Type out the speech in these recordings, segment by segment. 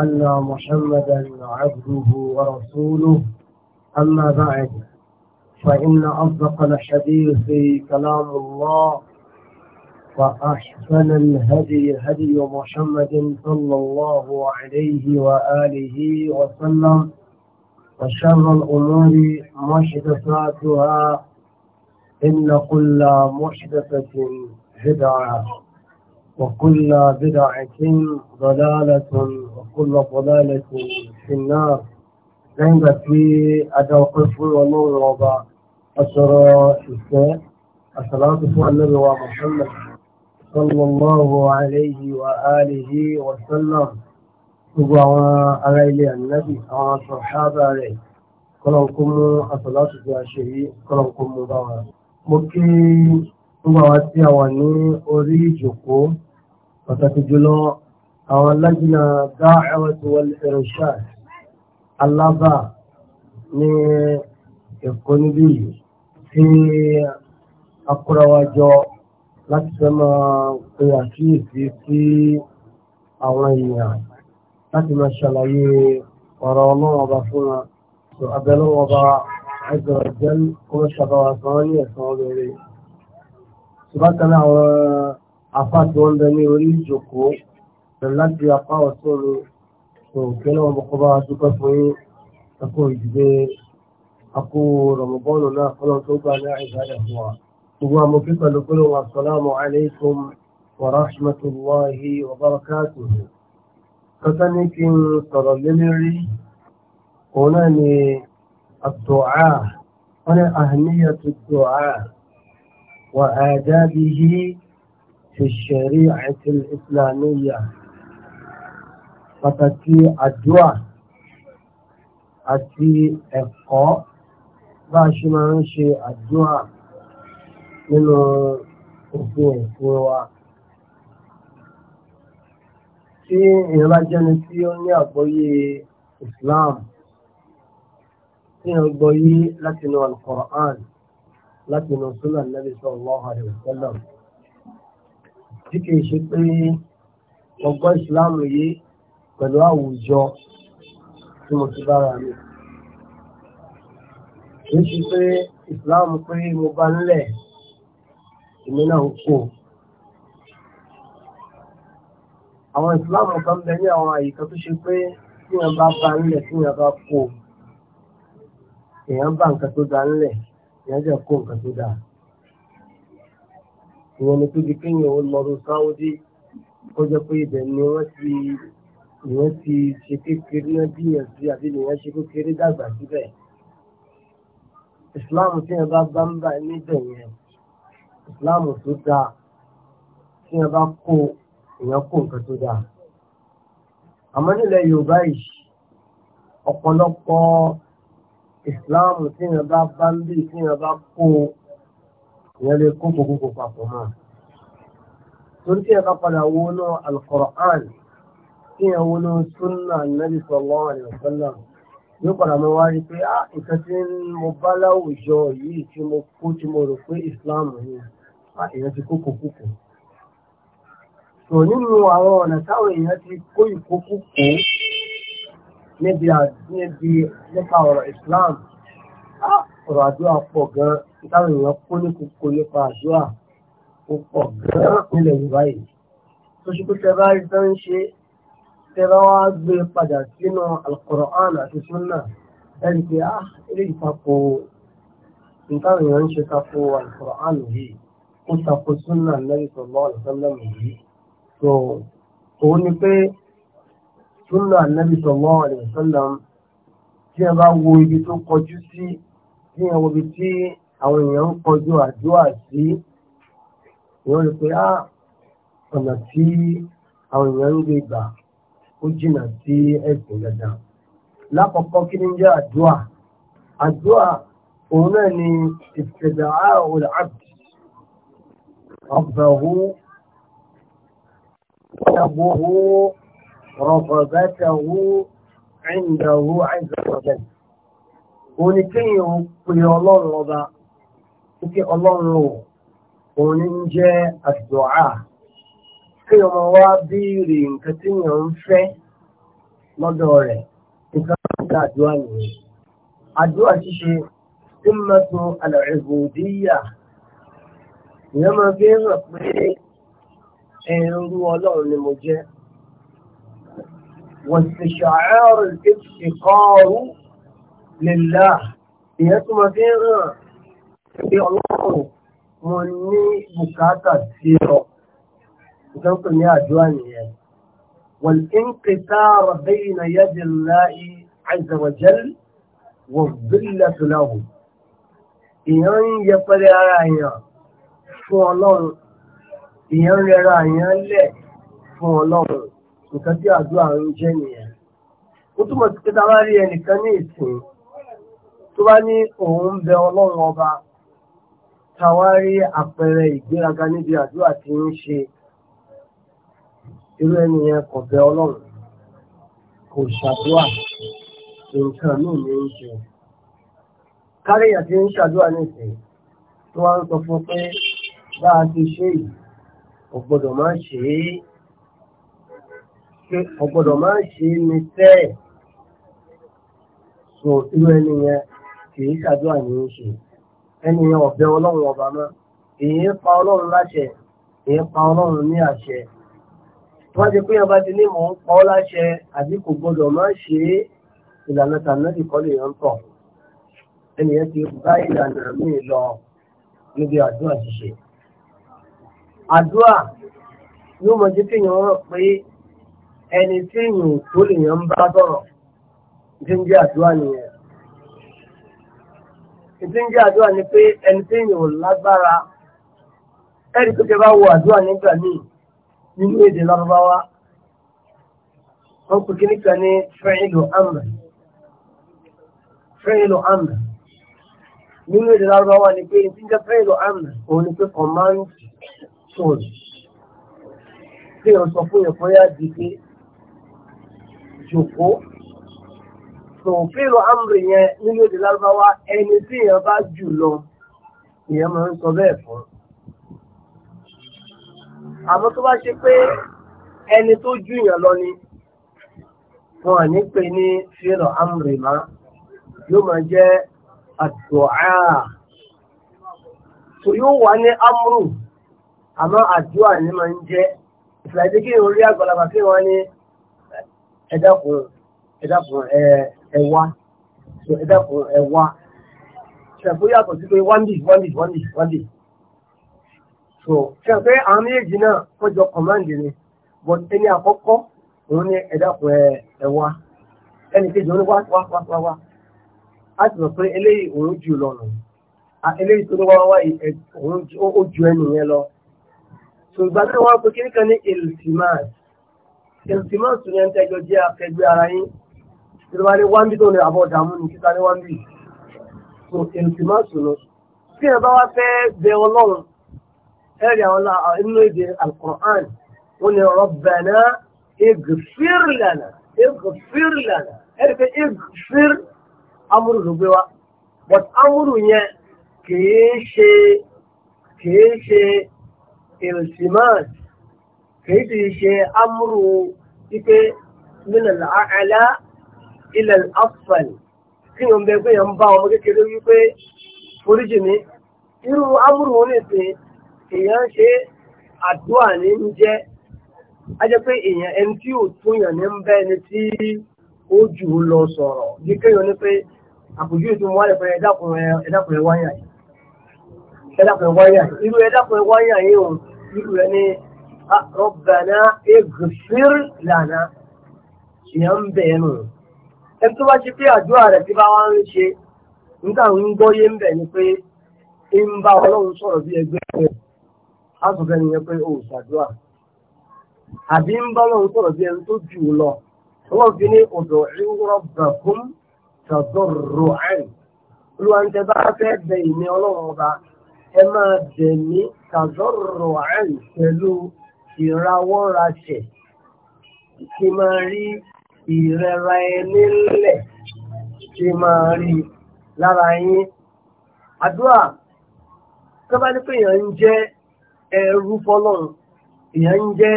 أن محمدا عبده ورسوله أما بعد فإن أصدق الحديث كلام الله وأحسن الهدي هدي محمد صلى الله عليه وآله وسلم وشر الأمور محدثاتها إن كل محدثة هدى وكل بدعة ضلالة وكل ضلالة في النار nígbà tí adáwọ̀kọ́ fún ọlọ́run ọba ọ̀sọ̀rọ̀ ìfẹ́ àṣàlátù fún Ànábì wa Muhammad sallallahu alayhi wa alihi wa sallam gbogbo àwọn ará ilé ànábì àwọn sọ̀hábà rẹ̀ kọ́lọ̀kọ́ mú àṣàlátù tí a ṣe yìí kọ́lọ̀kọ́ mú bá wa. mo kí gbogbo àwọn tí a wà ní orí ìjòkó pàtàkì jùlọ àwọn lájínà dáhàwàtí wal irshad alábà ní ẹ̀kọ́ níbí tí akúrawájọ láti fẹ́ máa pe àkíyèsí sí àwọn èèyàn láti máa ṣàlàyé ọ̀rọ̀ ọlọ́wọ́ fún wa tó abẹ́lọ́wọ́ ọba kó ṣàbáwá san ní ẹ̀sán ọ̀rẹ́rẹ́ apá tí wọ́n ń bẹ ní orí ìjókòó pẹ̀lú láti apá ọ̀tún mi tó kí náà mo kọ́ bá wa dúpẹ́ fún yín ẹkọ ìdílé akó rọmọbọ́ọ̀lù náà kọ́lọ́ tó gbà ní àìsàdà fún wa. gbogbo àmọ́ kí pẹ̀lú pé wọn assalamu alaikum wa rahmatullahi wa ní kí n sọ̀rọ̀ lélẹ́rí òun náà ni àtọ̀á wọn ni àhàmíyà tó tọ̀á wa àdábìyí في الشريعة الإسلامية pàtàkì àdúrà àti ẹ̀kọ́ bá a ṣe máa ń ṣe àdúrà nínú òfin ẹ̀sìn wa. Tí èèyàn bá jẹ́ni tí ó ní àgbọ́yé Islam, tí èèyàn gbọ́yé látinú Al-Qur'an, látinú Sunnah Nabi sallallahu alaihi wasallam tí kìí ṣe pé ọgbọ́n ìsìláàmù yìí pẹ̀lú àwùjọ tí mo ti bára mi. Kìí ṣe pé ìsìláàmù pé mo bá nílẹ̀ èmi náà ń kó. Àwọn ìsìláàmù kan bẹ ní àwọn àyíká tó ṣe pé tí wọ́n bá bá nílẹ̀ tí wọ́n bá kó. Èèyàn bá nǹkan tó dá nílẹ̀, èèyàn jẹ́ kó nǹkan tó dáa ìwọ̀n ni tó di kéèyàn ó lọ rún sáwọ́dí ó jẹ́ pé ibẹ̀ ni wọ́n ti ìwọ́n ti ṣe kékeré náà bíyàn sí àbí ìwọ́n ṣe kékeré dàgbà síbẹ̀. ìsìláàmù tí yẹn bá bá ń bá níbẹ̀ yẹn ìsìláàmù tó dáa tí yẹn bá kó èèyàn kó nǹkan tó dáa. àmọ́ nílẹ̀ yorùbá yìí ọ̀pọ̀lọpọ̀ ìsìláàmù tí yẹn bá bá ń bí tí yẹn bá kó ìyẹn lè kó kókó papọ̀ mọ́. torí kí ẹ bá padà wọnú al-Qur'an kí ẹ wọnú sunna nabi sallallahu alayhi wa sallam yóò padà mọ́ wáyé pé á ah, nǹkan tí mo bá láwùjọ yìí tí mo kó tí mo rò pé Islam ni á ìyẹn ti kó kókó kó. nínú àwọn ọ̀nà táwọn èèyàn ti kó ìkókó kó níbi nípa ọ̀rọ̀ Islam ọ̀rọ̀ àdúrà pọ̀ gan-an táwọn èèyàn kó ní kókó nípa àdúrà ó pọ̀ gan-an nílẹ̀ yorùbá yìí tó ṣe pé tẹ́lá rí tán ń ṣe tẹ́lá wá gbé padà sínú alukoran àti sunna ẹni pé á ah, eré ìtako nǹkan èèyàn ń ṣe tako alukoran yìí ó tako sunna Nabi sallallahu alaihi wasallam yìí tó òun ni pé sunna Nabi sallallahu alaihi wasallam tí a bá wo ibi tó kọjú sí tí ẹ wo ibi tí àwọn èèyàn ń kọjú àdúrà sí ìwọ́n rí pé á ah, ọ̀nà tí àwọn èèyàn ń gbé gbà ó jìnnà sí ẹ̀sìn dandan. lákọ̀ọ́kọ́ kí ni jẹ́ àdúrà àdúrà òun náà ni ìṣẹ̀dá al-abd rabbahu yabuhu rọ̀bọ̀bẹ́tẹ̀hu indahu azza wa òun ni kéèyàn ń pe ọlọ́run ọba wípé ọlọ́run o òun ní ń jẹ́ àdúà kéèyàn máa wá béèrè nǹkan tí èèyàn ń fẹ́ lọ́dọ̀ rẹ̀ nǹkan tó ń ka àdúrà nìyẹn àdúrà ṣíṣe tí ń àlàrẹ̀bùdíyà ìyẹn máa hàn pé ọlọ́run ni mo jẹ́ wọ́n ti lèlá ìyẹn tó máa fi ń hàn pé ọlọ́run mo ní bùkátà sí ọ nǹkan pè ní àdúrà nìyẹn wọ́n ti ń pèta rọ̀bẹ́yìn náà yẹ́dì láì àìsàwọ̀jẹ́l wọ́n bílẹ̀ tó láwù ìyẹn ń yẹpẹrẹ ara èèyàn fún ọlọ́run ìyẹn ń rẹra èèyàn lẹ̀ fún ọlọ́run nǹkan tí àdúrà ń jẹ́ nìyẹn ó túmọ̀ sí pé tá a bá rí ẹnìkan ní ìsìn tó bá ní òun ń bẹ ọlọ́run ọba tàwárí àpẹẹrẹ ìgbéraga níbi àdúrà tí ń ṣe irú ẹni yẹn kò bẹ ọlọ́run kò ṣàdúrà nǹkan míì ní í ṣe káríyà tí ń ṣàdúrà nìsín tó wá ń sọ fún pé bá a ti ṣe yìí ò gbọ́dọ̀ máa ṣe é pé ò gbọ́dọ̀ ṣe é ní tẹ́ẹ̀ so irú ẹni yẹn kìí ṣàdúrà ní oṣù ẹni ọ̀bẹ ọlọ́run ọba mọ́ èyí pa ọlọ́run láṣẹ èyí pa ọlọ́run ní àṣẹ wọ́n ti pín ọba ti ní mò ń pa ọ́ láṣẹ àbí kò gbọdọ̀ má ṣe é ìlànà tànàbì kọ́lé yẹn ń tọ̀ ẹni yẹn ti bá ìlànà míì lọ níbi àdúrà ṣíṣe àdúrà yóò mọ̀ sí kéèyàn rọ̀ pé ẹni tí èèyàn tó lè yàn bá sọ̀rọ̀ ti ń jẹ́ àdúrà nìyẹn ìdí ń jẹ́ àdúrà ni pé ẹni tí èèyàn ò lágbára ẹ̀rí tó kẹ́ bá wo àdúrà nígbà míì nínú èdè lárúbáwá wọ́n pè kí nìkan ní fẹ́ẹ̀lù àmì fẹ́ẹ̀lù àmì nínú èdè lárúbáwá ni pé ìdí fẹ́ẹ̀lù àmì òun ni pé command tone tí èèyàn sọ fún èèyàn fọ́yà di pé jòkó tòǹfìlù amúrì yẹn nínú èdè lárúbáwá ẹni tí èèyàn bá jù lọ èèyàn máa ń sọ bẹ́ẹ̀ fún. àmọ́ tó bá ṣe pé ẹni tó jù yàn lọ ni wọn à ní pè ní fìlù amúrì má yóò máa jẹ́ àdùá. tò yóò wà ní amúrù àmọ́ àdúrà ni máa ń jẹ́ ìfìlà ìdíkì orí àgbàlagbà kí wọ́n ní ẹ̀dá kan ẹ̀dá kan ẹ̀ẹ́ ẹ̀wá ẹ̀dẹ́kun ẹ̀wá ṣẹ̀fó yàtọ̀ sí pé one dish one dish one dish one dish so ṣẹ̀fẹ́ àwọn méjèèjì náà kọjọ command ni but ẹni àkọ́kọ́ òun ni ẹ̀dẹ́kun ẹ̀wá ẹni kejì òun ni wá wá wá wá a ti mọ̀ pé eléyìí òun jù lọ́nà eléyìí tó ní wá wá òun ó ju ẹni yẹn lọ ṣùgbọ́n tí wọ́n pe kíníkan ní ìlìtìmáàsì ìlìtìmáàsì ni ẹni tẹ́jọ jẹ́ akẹgbẹ́ ara yín ìjọba ní wá ń bí tó ní àbọ̀ ọ̀dàmú ní kíkà ní wá ń bí so èrùkì má sùnú tí ẹ bá wá fẹ́ bẹ ọlọ́run ẹ̀rì àwọn inú èdè alukur'an wọn ni rabbana ighfir lana ighfir lana ẹ̀rì but amúrù yẹn kìí ṣe kìí ṣe ìrìnsìmáàt kìí ti ṣe amúrù ipe min al ilẹ̀ afẹ́lì kí ni ó ń bẹ pé yẹn ń bá ọmọ kékeré wípé foríjì mi irú amúrù wọn lè sìn èèyàn ṣe àdúrà ní ń jẹ́ a jẹ́ pé èèyàn ẹni tí ò tún yàn ní ń bẹ́ ẹni tí ó jù ú lọ sọ̀rọ̀ bí kéèyàn ní pé àpòjú ètò wọn lẹ́pẹ́ ẹ̀dàkùnrin wáyà yìí ẹ̀dàkùnrin wáyà yìí irú ẹ̀dàkùnrin wáyà yìí ò irú ẹ̀ ní ah, Rabbana ighfir lana èèyàn ń bẹ̀ ẹ̀ nù ẹni tó bá ṣe pé àdúrà rẹ̀ tí bá wá ń ṣe nígbà ń gbọ́yé ń bẹ̀ ni pé ń bá ọlọ́run sọ̀rọ̀ bí ẹgbẹ́ rẹ̀ á sọ fẹ́ nìyẹn pé o ò ṣàdúrà àbí ń bá ọlọ́run sọ̀rọ̀ bí ẹni tó jù ú lọ ọlọ́run fi ní ọ̀dọ̀ ìwúrọ̀ bàkún tàdọ̀rọ̀ àìn olúwa ń tẹ bá fẹ́ bẹ ìní ọlọ́run ọba ẹ máa bẹ̀ ní tàdọ̀rọ̀ àìn pẹ̀lú ìrawọ́ra ṣẹ̀ kí máa rí ìrẹ̀ra ẹni lẹ̀ ṣe máa rí lára yín. Àdúrà tó bá ní pé èèyàn ń jẹ́ ẹrú fọ́lọ́run, èèyàn ń jẹ́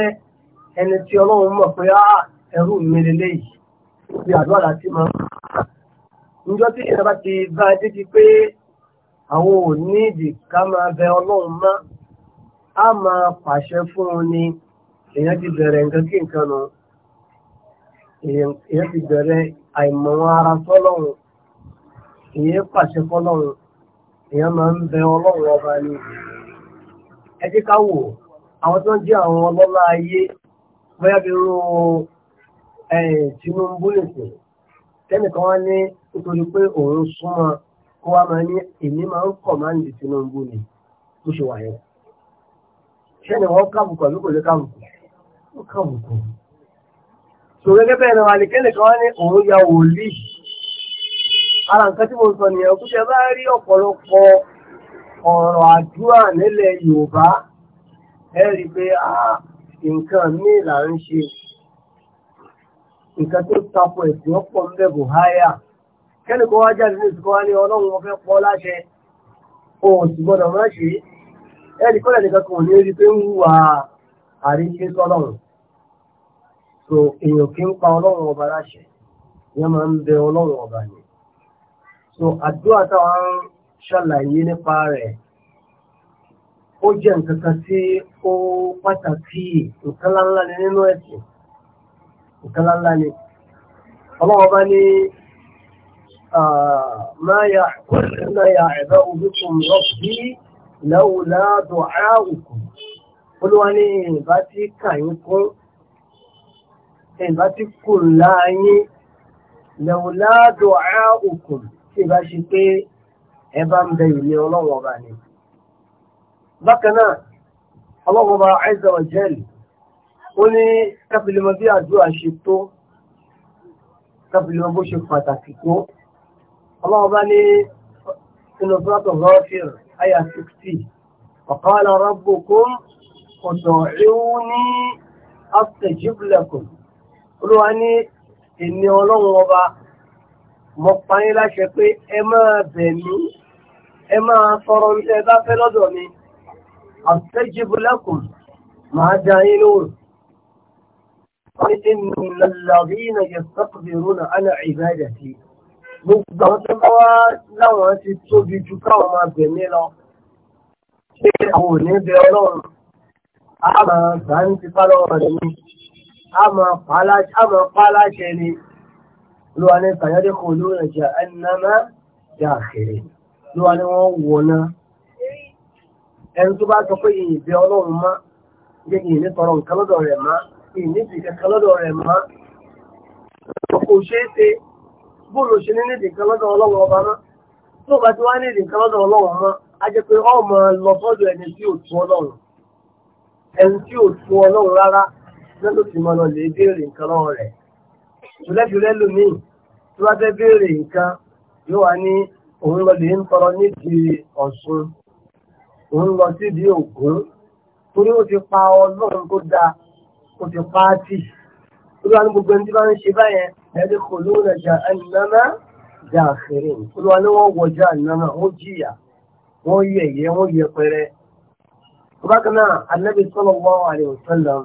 ẹni tí ọlọ́run mọ̀ pé á ẹrú mi lélẹ́yìí bí àdúrà láti máa ń tí èèyàn bá ti bá a débi pé àwọn ò ní ìdí ká máa bẹ ọlọ́run mọ́, á máa pàṣẹ fún un ni èèyàn ti bẹ̀rẹ̀ nǹkan kí nǹkan nù. ya fi bẹ̀rẹ̀ àìmọ̀ ara sọ́lọ́run èyàn pàṣẹ fọ́lọ́run èyàn ma ń bẹ ọlọ́run ọba ní i ká wò àwọn tó ń jẹ́ àwọn ọlọ́lá ayé bóyá bí irú Tinubu nìkan tẹ́nìkan wá ní nítorí pé òun súnmọ́ kó wá máa ní èmi máa ń kọ̀ Tinubu ni ṣe wà yẹn ṣẹ́ni wọ́n kò lè kábùkù ó sọ gẹ́gẹ́ bẹ́ẹ̀ náà àlìkẹ́lẹ̀ kan wá ní òun ya wòlíì ara nǹkan tí mo sọ nìyẹn kú ṣe bá rí ọ̀pọ̀lọpọ̀ ọ̀rọ̀ àdúrà nílẹ̀ Yorùbá ẹ rí i pé nǹkan míì là ń ṣe nǹkan tó tapọ̀ ẹ̀sìn ọ̀pọ̀ ń bẹ̀ bò háyà kẹ́lẹ̀ kó wá jáde ní ìsìnkú wá ní ọlọ́run wọn fẹ́ pọ́ láṣẹ òun sì gbọ́dọ̀ má ṣe é ẹ kọ́lẹ̀ nìkan kan ní rí i pé ń hùwà àríṣe sọ́lọ́run. so èèyàn kì ń pa ọlọ́run ọba láṣẹ ìyẹn máa ń so àdúrà táwa ń ṣàlàyé nípa rẹ̀ ó jẹ́ nǹkan kan tí ó pàtàkì nǹkan láńlá ni nínú ẹ̀sìn nǹkan láńlá ni ya ọba ní máa yà ẹ̀bẹ́ òbíkùn rọ́bì ìbá ti kù láàyè lẹ́wọ̀ládò àákùn tí ìbá ṣe pé ẹ bá ń bẹ ìlé ọlọ́wọ́ ọba ni. bákan náà ọlọ́wọ́ ọba Azza wa Jalla ó ní káfílẹ́mọ bí àdúrà ṣe tó káfílẹ́mọ bó ṣe pàtàkì ní inú sọ́tọ̀ olúwa ní èmi ọlọ́run ọba mo pa yín láṣẹ pé ẹ máa bẹ̀ mí ẹ máa sọ̀rọ̀ ní ẹ bá fẹ́ lọ́dọ̀ mi àtẹ́jìbù lẹ́kùn máa da yín lóhùn. wọ́n ti nà lọ́rìnà yẹ sọ́kùnrin náà ánà ìbẹ̀rẹ̀ sí. gbogbo àwọn tó bá láwọn ti tóbi ju káwọn máa bẹ̀ mí lọ. ṣé àwọn ò ní bẹ ọlọ́run? a máa gbà ń tipá lọ́wọ́ rẹ̀ ni. A ma ni olúwa ní kàyọ́dé kò lóòrùn jẹ́ ẹnàmá jẹ́ àkèrè olúwa ní wọ́n wọ̀ná ẹni tó bá sọ pé ìyìnbẹ̀ ọlọ́run má jẹ́ ìyìn ní tọrọ nǹkan lọ́dọ̀ rẹ̀ má ìyìn ní ìdìkẹ́ kan lọ́dọ̀ rẹ̀ má kò ṣeé ṣe bóòlù ṣe ní ìdìkẹ́ tó ti wá a jẹ́ pé lọ ẹni tí ò náà ló fi mọ́ lọ lè béèrè nǹkan lọ́wọ́ rẹ̀ ṣùlẹ́ṣùlẹ́ lòmíì tó bá fẹ́ béèrè nǹkan yóò wá ní òun lọ lè ń tọrọ nídìí Ọ̀ṣun òun lọ sídìí Ògún torí ó ti pa Ọlọ́run tó dáa ó ti pa á tì olúwa ní gbogbo ẹni tí bá ń ṣe báyẹn ẹni kò lóun rẹ̀ jà ẹnìnàmá jà olúwa ní wọ́n wọ jà ẹnìnàmá jìyà wọ́n yẹ̀yẹ́ wọ́n yẹpẹrẹ. bákan náà Ànábì sallallahu alaihi wasallam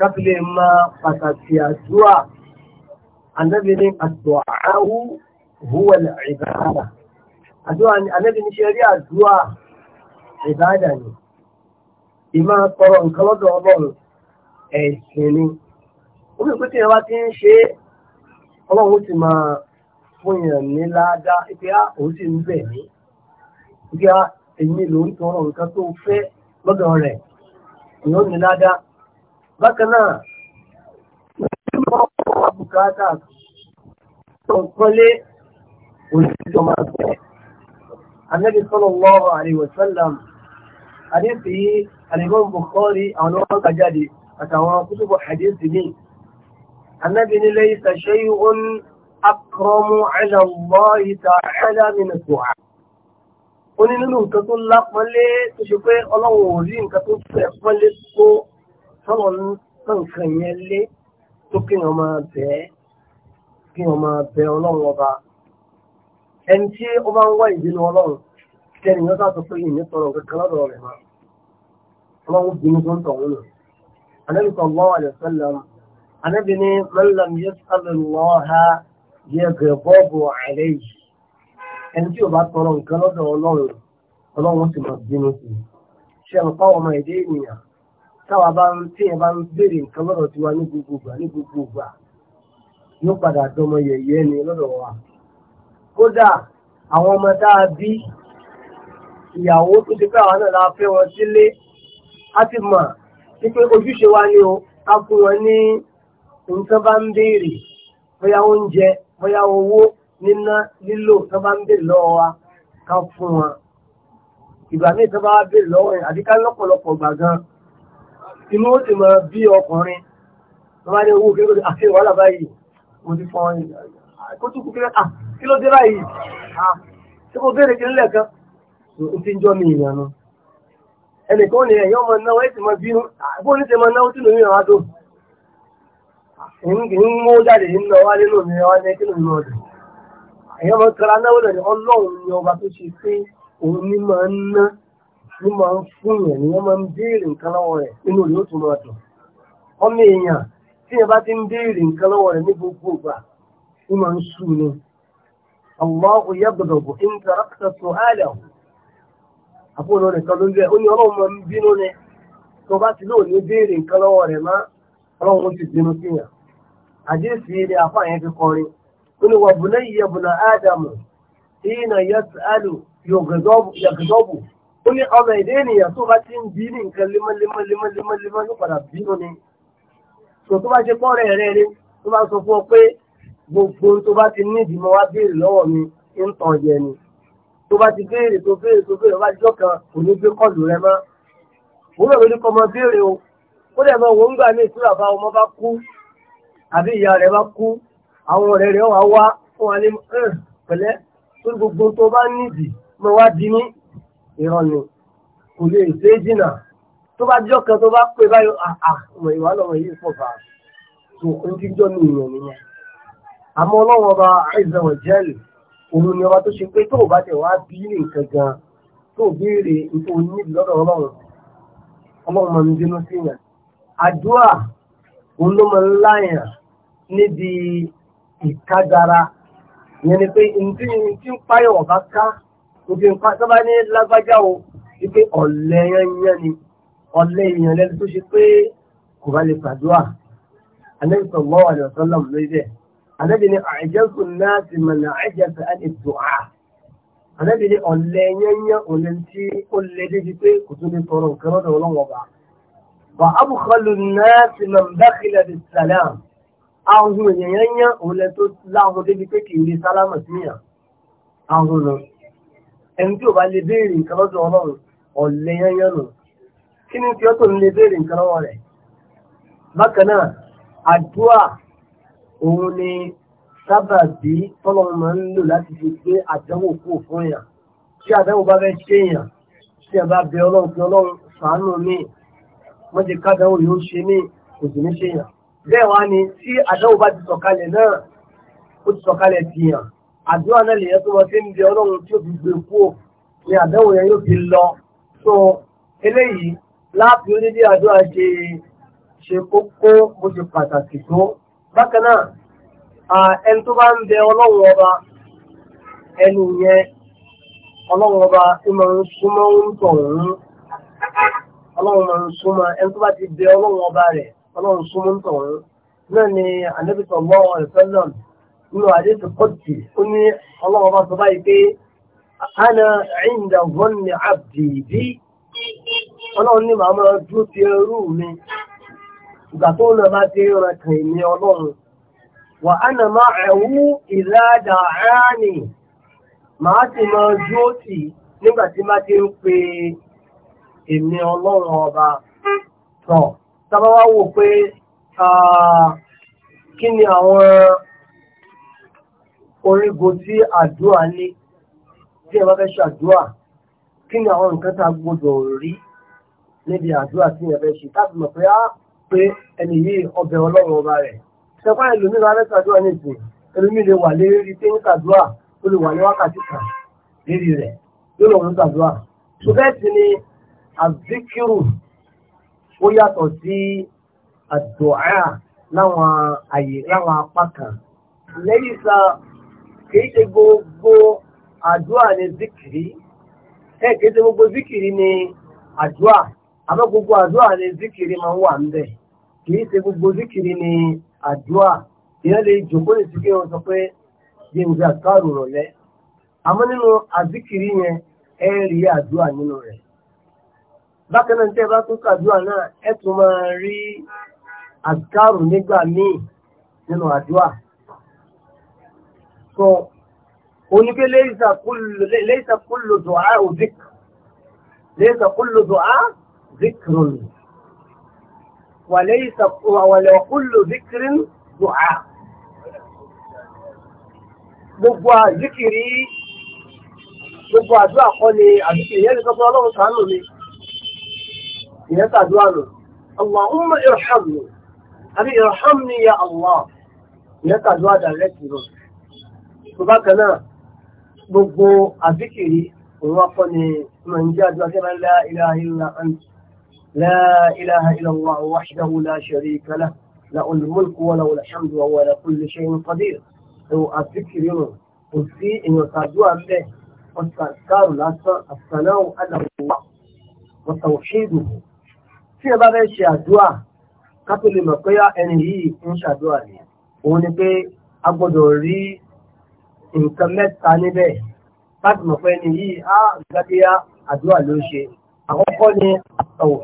kábílẹ̀ máa pàtàkì àdúrà ànábì ní àdùáhù huwa al-ibada àdúrà ni ànábì ní ṣe rí àdúrà ìbáàdà ni ìmọ̀ tọrọ nǹkan lọ́dọ̀ ọlọ́run ẹ̀sìn ni omi ìpínlẹ̀ tí wọ́n bá ti ń ṣe ọlọ́run ó ti máa fún yàn ní ládàá ibi á ah, òun sì ń bẹ̀ mí ibi á èyí ló tọrọ nǹkan tó fẹ́ lọ́dọ̀ rẹ̀ ìyọ́nìládàá bákan náà ìgbìmọ̀ ọ̀pọ̀ àbùkátà tó ń kọ́lé òṣìṣọ́ máa fẹ́. Annabi sallallahu alaihi wa sallam àdéhùn yìí Al-Imam Bukhari àwọn ọmọ kàjáde àtàwọn kútùbù àdéhùn ní. Annabi ní laysa shay'un akramu ala Allah ta'ala min du'a ó ní nínú nǹkan tó lápọ́nlé tó ṣe pé ọlọ́run ò rí nǹkan tó fẹ́ táwọn nǹkan yẹn lé tó kí wọn máa bẹ̀ ẹ́ kí wọn máa bẹ̀ ọlọ́run ọba ẹni tí ó bá ń wá ìbínú ọlọ́run tẹ́ni yọ́n sáà sọ pé ìní sọ̀rọ̀ kankan lọ́dọ̀ rẹ̀ máa ọlọ́run bínú tó ń tọ̀hún nù anábì kan lọ́wọ́ àlẹ́sẹ́lẹ̀m anábì ní mẹ́lẹ̀m yẹ́ sábẹ̀ lọ́ha yẹ gẹ̀bọ́ọ̀bù àlẹ́ ẹni tí ò bá tọrọ nǹkan lọ́dọ̀ ọlọ́run ọlọ́run sì máa bínú sí i ṣe àlùfáà ọmọ ìdí ènìyàn táwa bá ń tí ẹ bá ń béèrè nǹkan lọ́dọ̀ tiwa ní gbogbo ìgbà ní gbogbo ìgbà yóò padà dọmọ yẹ̀yẹ́ ni lọ́dọ̀ wa. kódà àwọn ọmọ tá a bí ìyàwó tó ti pé àwọn náà la fẹ́ wọn sílé a ti mọ̀ wípé ojúṣe wa ni o ká fún wọn ní nǹkan bá ń béèrè bóyá oúnjẹ bóyá owó níná lílò tó bá ń béèrè lọ́wọ́ wa ká fún wọn. ìgbà míì tó bá wá béèrè lọ́wọ́ yẹn àbí ká lọ́pọ̀lọpọ̀ gbà gan-an inú ó sì máa bí ọkùnrin tó bá ní owó kí ló dé àti ah, wàhálà báyìí mo ti fọn ah, kótókù kí ah, kí ló dé báyìí ṣé kò béèrè kí nílẹ̀ kan ó ti ń jọ́ mi ìyànà ẹnìkan ní ẹ̀yọ́ ọmọ náà ẹ̀sìn máa bínú bó ní ṣe máa náwó tí lómi ìrànwá tó ń mú jáde nínú ọwá nínú mi ọwá ní kí lómi ọdún ẹ̀yọ́ ọmọ kara náwó lẹ́nu ọlọ́run ni ọba tó ṣe pé òun ní máa ń ná ní máa ń fún yẹn ni wọ́n máa ń béèrè nǹkan lọ́wọ́ rẹ̀ inú rẹ̀ ó tún máa dùn. ọmọ èèyàn tí yẹn bá ti ń béèrè nǹkan lọ́wọ́ rẹ̀ ní gbogbo ìgbà ní máa ń sú ni. Allahu yaghdabu in tarakta su'alahu. àbúrò rẹ̀ kan ló ń bẹ̀ ó ní ọlọ́run máa ń ni tó bá ti lóò ní béèrè nǹkan lọ́wọ́ rẹ̀ má ọlọ́run ti bínú sí yàn. ilé fi ó ní ọmọ èdè ènìyàn tó bá ti ń bí ní nǹkan lemọ́lemọ́lemọ́lemọ́ ló padà bínú ni tó tó bá ṣe pọ́ rẹ̀ rẹ̀ rẹ̀ tó bá sọ fún ọ pé gbogbo tó bá ti ní ìdìmọ̀ wá béèrè lọ́wọ́ mi ń tàn yẹ ni tó bá ti béèrè tó béèrè tó béèrè wá jọ kan kò ní gbé kọlù rẹ mọ́ òun náà ló ní kọ́ ọmọ béèrè o ó dẹ̀ mọ òun ń gbà ní ìtura bá ọmọ bá kú àbí ìyá rẹ̀ bá kú àwọn ọ̀rẹ́ rẹ̀ wà wá fún wa ní pẹ̀lẹ́ tó gbogbo tó bá nídìí mo wá di ní irọ́ ni kò lè ṣe jìnnà tó bá jọ́ kan tó bá pé báyọ̀ ah, ah, ọmọ ìwà lọ́wọ́ yìí pọ̀ bá tó ń díjọ́ ní ìyẹn nìyẹn àmọ́ ọlọ́wọ́ ọba àìsàn jẹ́lì òun ni ọba tó ṣe pé tó bá tẹ̀ wá bí ní nǹkan gan tó béèrè nípa oníbi lọ́dọ̀ ọlọ́run ọlọ́run máa ń bínú sí yàn àdúrà òun ló máa ń láyàn níbi ìkágara ìyẹn ni pé ní tí ń páyọ̀ ọ̀bá ká gbogbo nǹkan tó bá ní lágbájá o wípé ọ̀lẹ́ yányán ni ọ̀lẹ́ èèyàn lẹ́nu tó ṣe pé kò bá lè pàdúrà anabi sallallahu alaihi wasallam lórí bẹ́ẹ̀ anabi ni àjẹsùn náà ti mọ̀ ní àjẹsùn àti tùwà anabi ni ọ̀lẹ́ yányán ọ̀lẹ́ tí ó lè débi pé kò tún lè tọrọ nǹkan lọ́dọ̀ ọlọ́wọ́ bá. wà á náà ti mọ̀ ní bákìlẹ̀ bí sàlám ahun èèyàn yányán ọ̀lẹ́ tó láhun débi pé kì í rí sálámà síyàn ẹni tí ò bá lè béèrè nǹkan lọ́dọ̀ ọlọ́run ọ̀lẹ́ yányán nù kí ni tí ó tó ń lè béèrè nǹkan lọ́wọ́ rẹ̀ bákan náà àdúà òun ni sábàbí tọ́lọ́run máa ń lò láti fi gbé àdánwò kú fún èèyàn tí àdánwò bá fẹ́ ṣe èèyàn tí ẹ bá bẹ ọlọ́run pé ọlọ́run ṣàánú mi wọ́n ti ká àdánwò yóò ṣe mí kò sì ní ṣe èèyàn bẹ́ẹ̀ wá ni tí àdánwò bá ti sọ̀kalẹ̀ náà ó ti sọ̀kalẹ̀ ti yàn àdúrà náà lèyẹn tó wọ́n ti ń bẹ ọlọ́run tí ó fi gbé kúò ní àdánwò yẹn yóò fi lọ so eléyìí láàfin onídìí àdúrà ṣe ṣe kókó bó ṣe pàtàkì tó bákan náà ẹni tó bá ń bẹ ọlọ́run ọba ẹnu yẹn ọlọ́run ọba tó máa ń súnmọ́ ń tọ̀hún ọlọ́run máa ń súnmọ́ ẹni tó bá ti bẹ ọlọ́run ọba rẹ̀ ọlọ́run súnmọ́ ń tọ̀hún náà ni ànábì sallallahu alaihi wasallam nínú àdéhùn kọ́tì onye ní ọlọ́wọ́ bá sọ báyìí ana inda zonni abdi bi ọlọ́run ní màá mi ìgbà tó ń lọ bá ti ràn kàn mí ọlọ́run wà á nà máa ẹ̀wú ìlàdà áàní màá sì máa ọba orígun tí àdúrà ní tí ẹ bá fẹ́ ṣàdúrà kí ni àwọn nǹkan tá a gbọdọ̀ rí níbi àdúrà tí ẹ fẹ́ ṣe táàbí mọ̀ pé á pé ẹni yìí ọbẹ̀ ọlọ́run ọba rẹ̀ ṣẹpá ẹlòmíì bá fẹ́ ṣàdúrà ní ìsìn ẹlòmíì lè wà lérí pé ń ṣàdúrà ó lè wà ní wákàtí kan lérí rẹ̀ yóò lọ wọn ṣàdúrà ṣùgbọ́n ni àbíkírù ó yàtọ̀ sí àdúrà láwọn àyè láwọn apá kan lẹ́yìn sáà kìí ṣe gbogbo àdúrà ní zikiri ẹ kìí ṣe gbogbo zikiri ni àdúrà àmọ́ gbogbo àdúrà zikiri máa ń wà níbẹ̀ kìí ṣe gbogbo zikiri ni àdúrà ìyẹn lè jòkó ní síkẹ́ wọn sọ pé james akaru rọ̀lẹ́ àmọ́ nínú àzikiri yẹn ẹ rí àdúrà nínú rẹ̀ bákan náà tẹ́ bá tún kàdúrà náà ẹ tún máa rí nígbà míì sọ òní pé laysa kullu du'a dhikr laysa kullu du'a dhikrun wa laysa kullu dhikrin du'a gbogbo àzíkìrí gbogbo àdúrà kọ́ ni àzíkìrí yẹn nìkan tó ọlọ́run ṣàánú mi ìyẹn tàdúrà nù Allahumma irhamni àbí irhamni ya Allah ìyẹn tàdúrà dàrẹ́kì náà tó bá kan náà gbogbo àzíkìrí òun wá kọ́ ni máa ń jẹ́ àdúrà tí wọ́n la ilaha illa anta la ilaha illa Allahu wahdahu la sharika lahu lahul mulku wa lahul hamdu wa huwa ala kulli shay'in qadir ẹ̀wọ̀ àzíkìrí nù kò sí èèyàn tàdúrà ń bẹ̀ ọ̀sà káàrù lásán àsànáwò àdàwọ̀ ọ̀sà òṣèlú tí ẹ bá fẹ́ ṣe àdúrà ká mọ̀ pé ẹni yìí ń ṣàdúrà ni òun ni pé a rí nǹkan mẹ́ta níbẹ̀ láti mọ̀ pé ní yìí á gbàgbéyà àdúrà ló ṣe àkọ́kọ́ ni àtọ̀wọ̀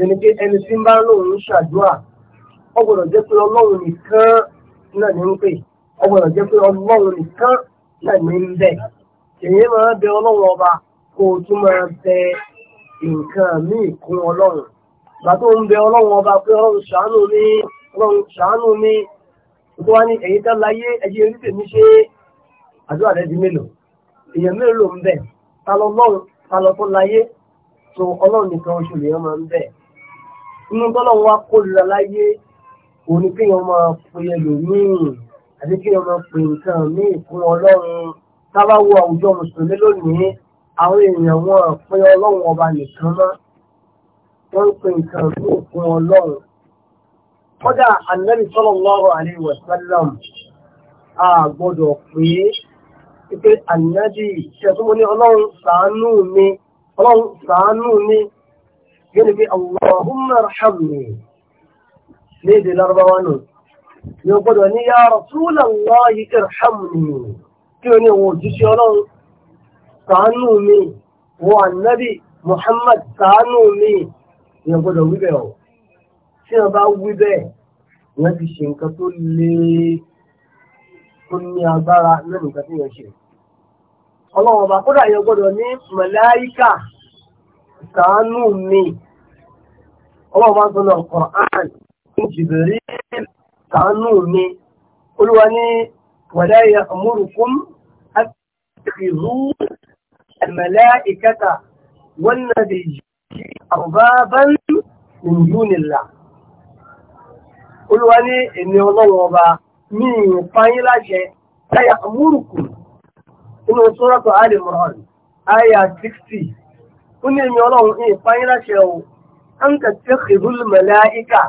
ẹni pé ẹni tí ń bá lóun ń ṣàdúrà ó jẹ́ pé ọlọ́run nìkan náà ní ń pè ó jẹ́ pé ọlọ́run nìkan náà ní ń bẹ̀ èyí máa bẹ ọlọ́run ọba kó o tún máa bẹ nǹkan míì kún ọlọ́run gbàtó ń bẹ ọlọ́run ọba pé ọlọ́run ṣàánú mi ọlọ́run ṣàánú mi tó wá ní èyí tá láyé ẹ̀yẹ orí tèmi ṣe é àdúrà rẹ̀ di mélòó èèyàn mélòó ló ń bẹ̀ ta lọ lọ́run ta lọ tó láyé so ọlọ́run nìkan oṣù lèèyàn máa ń bẹ̀ inú tọ́lọ́run wá kórìíra láyé òun ni kéèyàn máa pe ẹlòmíì àti kéèyàn máa pe nǹkan míì fún ọlọ́run tá bá wo àwùjọ mùsùlùmí lónìí àwọn èèyàn wọn pe ọlọ́run ọba nìkan mọ́ wọ́n ń pe nǹkan míì fún ọlọ́run kódà ànábì sallallahu alaihi wasallam a gbọ́dọ̀ pé pé ànájì ṣẹ̀tún mo ní ọlọ́run ṣàánú mi ọlọ́run ṣàánú mi yóò ní pé Allahumma rahamni ní èdè larabawa nù ní o gbọ́dọ̀ ní ya Rasulallahi irhamni kí o ní òun òjíṣẹ́ ọlọ́run ṣàánú mi wọ ànábì Muhammad ṣàánú ní o gbọ́dọ̀ wí bẹ́ẹ̀ tí wọ́n bá wí wọ́n ti ṣe nǹkan tó le tó ní agbára lẹ́nu nǹkan tí yẹn ṣe. ọlọ́run ọba kódà yẹn gbọ́dọ̀ ní màláíkà ṣàánú mi ọlọ́run bá ń sọ̀rọ̀ Qur'an ní jìbìrí ṣàánú mi olúwa ní wala ya'murukum àtìkìrú màláíkàtà wọ́n náà lè yí arbaban min olúwa ní èmi ọlọ́run ọba ní ìpáyín láṣẹ táyà múrùkù nínú sọ́rọ́tọ̀ Ali Imran àyà 60 ó ní èmi ọlọ́run ní ìpáyín láṣẹ o an tattakhidul màláíkà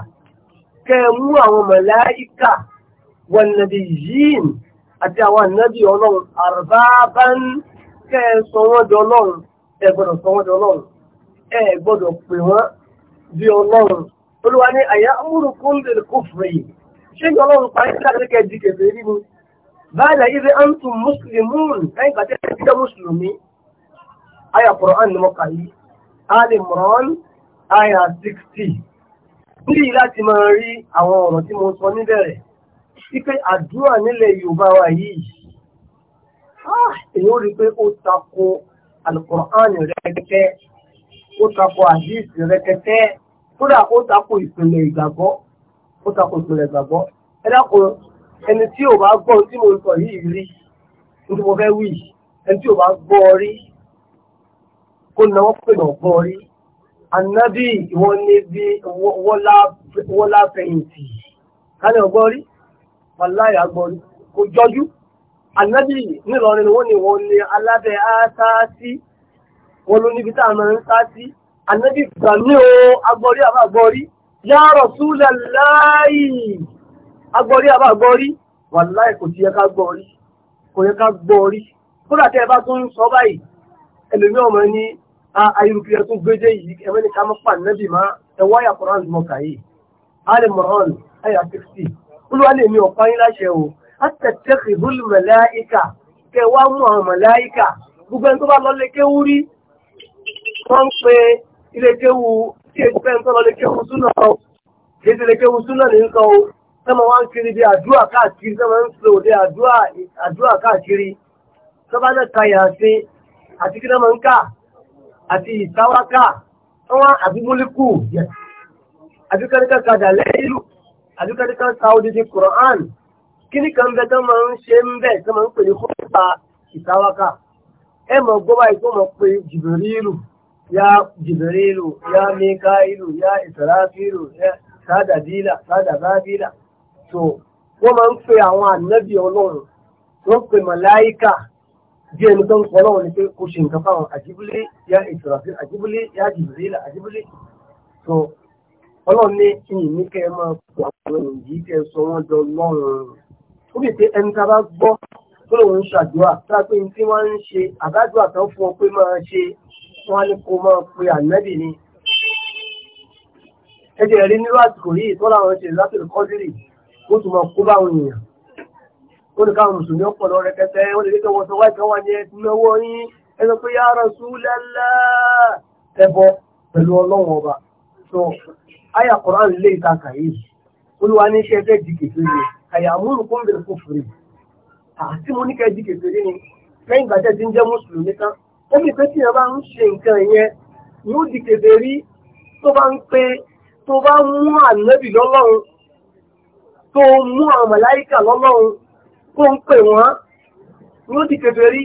kẹ mú àwọn màláíkà wan nabiyyin àti àwọn ànábì ọlọ́run arbaban kẹ sọ wọ́n di ọlọ́run ẹ gbọ́dọ̀ ọlọ́run ẹ gbọ́dọ̀ pè wọ́n di ọlọ́run olúwa ní àyà múrùkù lè ṣé ní ọlọ́run parí sí láti kẹ́ di kẹfẹ́ rí ni báyìí ibi antum muslimun lẹ́yìn ìgbà tẹ́lẹ̀ ti mùsùlùmí aya Qur'an ni mo kà yìí Ali Imran aya sixty níbi láti máa rí àwọn ọ̀rọ̀ tí mo sọ níbẹ̀rẹ̀ sí pé àdúrà nílẹ̀ Yorùbá wa yìí ah, èyí ó takò ìpìlẹ̀ ìgbàgbọ́ ẹ dákun ẹni tí ò bá gbọ́ ohun tí mo sọ yìí rí ohun tí mo fẹ́ wí ẹni tí ò bá gbọ́ ọ rí kó náwó pè náà gbọ́ ọ rí ànábì ìwọ ní bí wọ́lá fẹ̀yìntì kálẹ̀ ọgbọ́n rí wàláyà gbọ́n rí kò jọjú ànábì nílọrin wọ́n ní wọ́n ní alábẹ́ ásáásí wọ́n ló níbi tá a máa ń sáásí ànábì gbà ní o agbọ́rí àbá gbọ́rí Ya Rasulallahi agbọ́rí àbá gbọ́rí wàláhì kò ti yẹ ká gbọ́rí kò yẹ ká gbọ́rí kódà tẹ́ bá tún sọ báyìí ẹlòmí ọmọ ní ayélujára tún gbédé yìí ẹwẹ́ ní ká mọ́ pà nẹ́bì má ẹwọ́ àyà Quran mọ́ kàyé alẹ́ mọ̀rán àyà 60 olúwa lè mi ọ̀pá yín láṣẹ o àtẹ̀tẹ̀ ìbúlù mẹ̀láìkà kẹ wá tí èyí fẹ́ ń tọ́ lọ lè kéwu súnà o kéde lè kéwu súnà ní nǹkan o sẹ́mọ wá ń kiri bí àdúrà káàkiri sẹ́mọ ń sọ òde àdúrà káàkiri sọ́bà náà ka yà sí àti kí náà ń kà àti ìsáwáká wọ́n àbímúlíkù àbíkáríkà kadà lẹ́yìnlú àbíkáríkà sáwọ́dì di Quran kí ní kan bẹ tó máa ń ṣe ń bẹ̀ tó máa ń pè ní kó nípa ìsáwáká ẹ mọ̀ gbọ́ báyìí tó mọ̀ pé ya jibrilu ya mikailu ya israfilu ya sadabila sadababila so wọ́n máa ń pe àwọn ànábì ọlọ́run wọ́n pe màláíkà bí ẹni tó ń sọ ọlọ́run ni pé kò ṣe nǹkan fáwọn àjíbúlé ya israfilu àjíbúlé ya jibrilu àjíbúlé so ọlọ́run ní ìyìn ní kẹ́ ẹ máa pọ̀ àwọn èèyàn yìí kẹ́ ẹ sọ wọ́n dọ lọ́rùn ó bì pé ẹni tá a bá gbọ́ tó lòun ń ṣàdúrà tá a pé ní tí wọ́n ń ṣe àbádùn àtàwọn fún ọ pé máa ṣe wọ́n á ní kó máa pe ànábì ni. ẹ jẹ́ rí nírú àsìkò yìí tó láwọn ṣe láti lè kọ́dírì ó tún máa kó báwọn èèyàn. ó ní káwọn mùsùlùmí ọ̀pọ̀ lọ rẹpẹtẹ ó lè dékẹ́ wọ́n sọ wáyé kan wá ní ẹtì náwó yín ẹ sọ pé ya Rasulullah ẹbọ pẹ̀lú ọlọ́run ọba. sọ àyà Qur'an lè ta kàyé olúwa ní iṣẹ́ fẹ́ di kèfèrè àyàmúrù kó ń bèrè kó fèrè àti mo ní kẹ́ di kèfèrè ni lẹ́yìn ìgbà ti ń jẹ́ mùsùlùmí tán ó ní pé tí ẹ bá ń ṣe nǹkan yẹn yóò di kedere tó bá ń pé tó bá mú ànábì lọ́lọ́run tó mú àwọn màláíkà lọ́lọ́run tó ń pè wọ́n yóò di kedere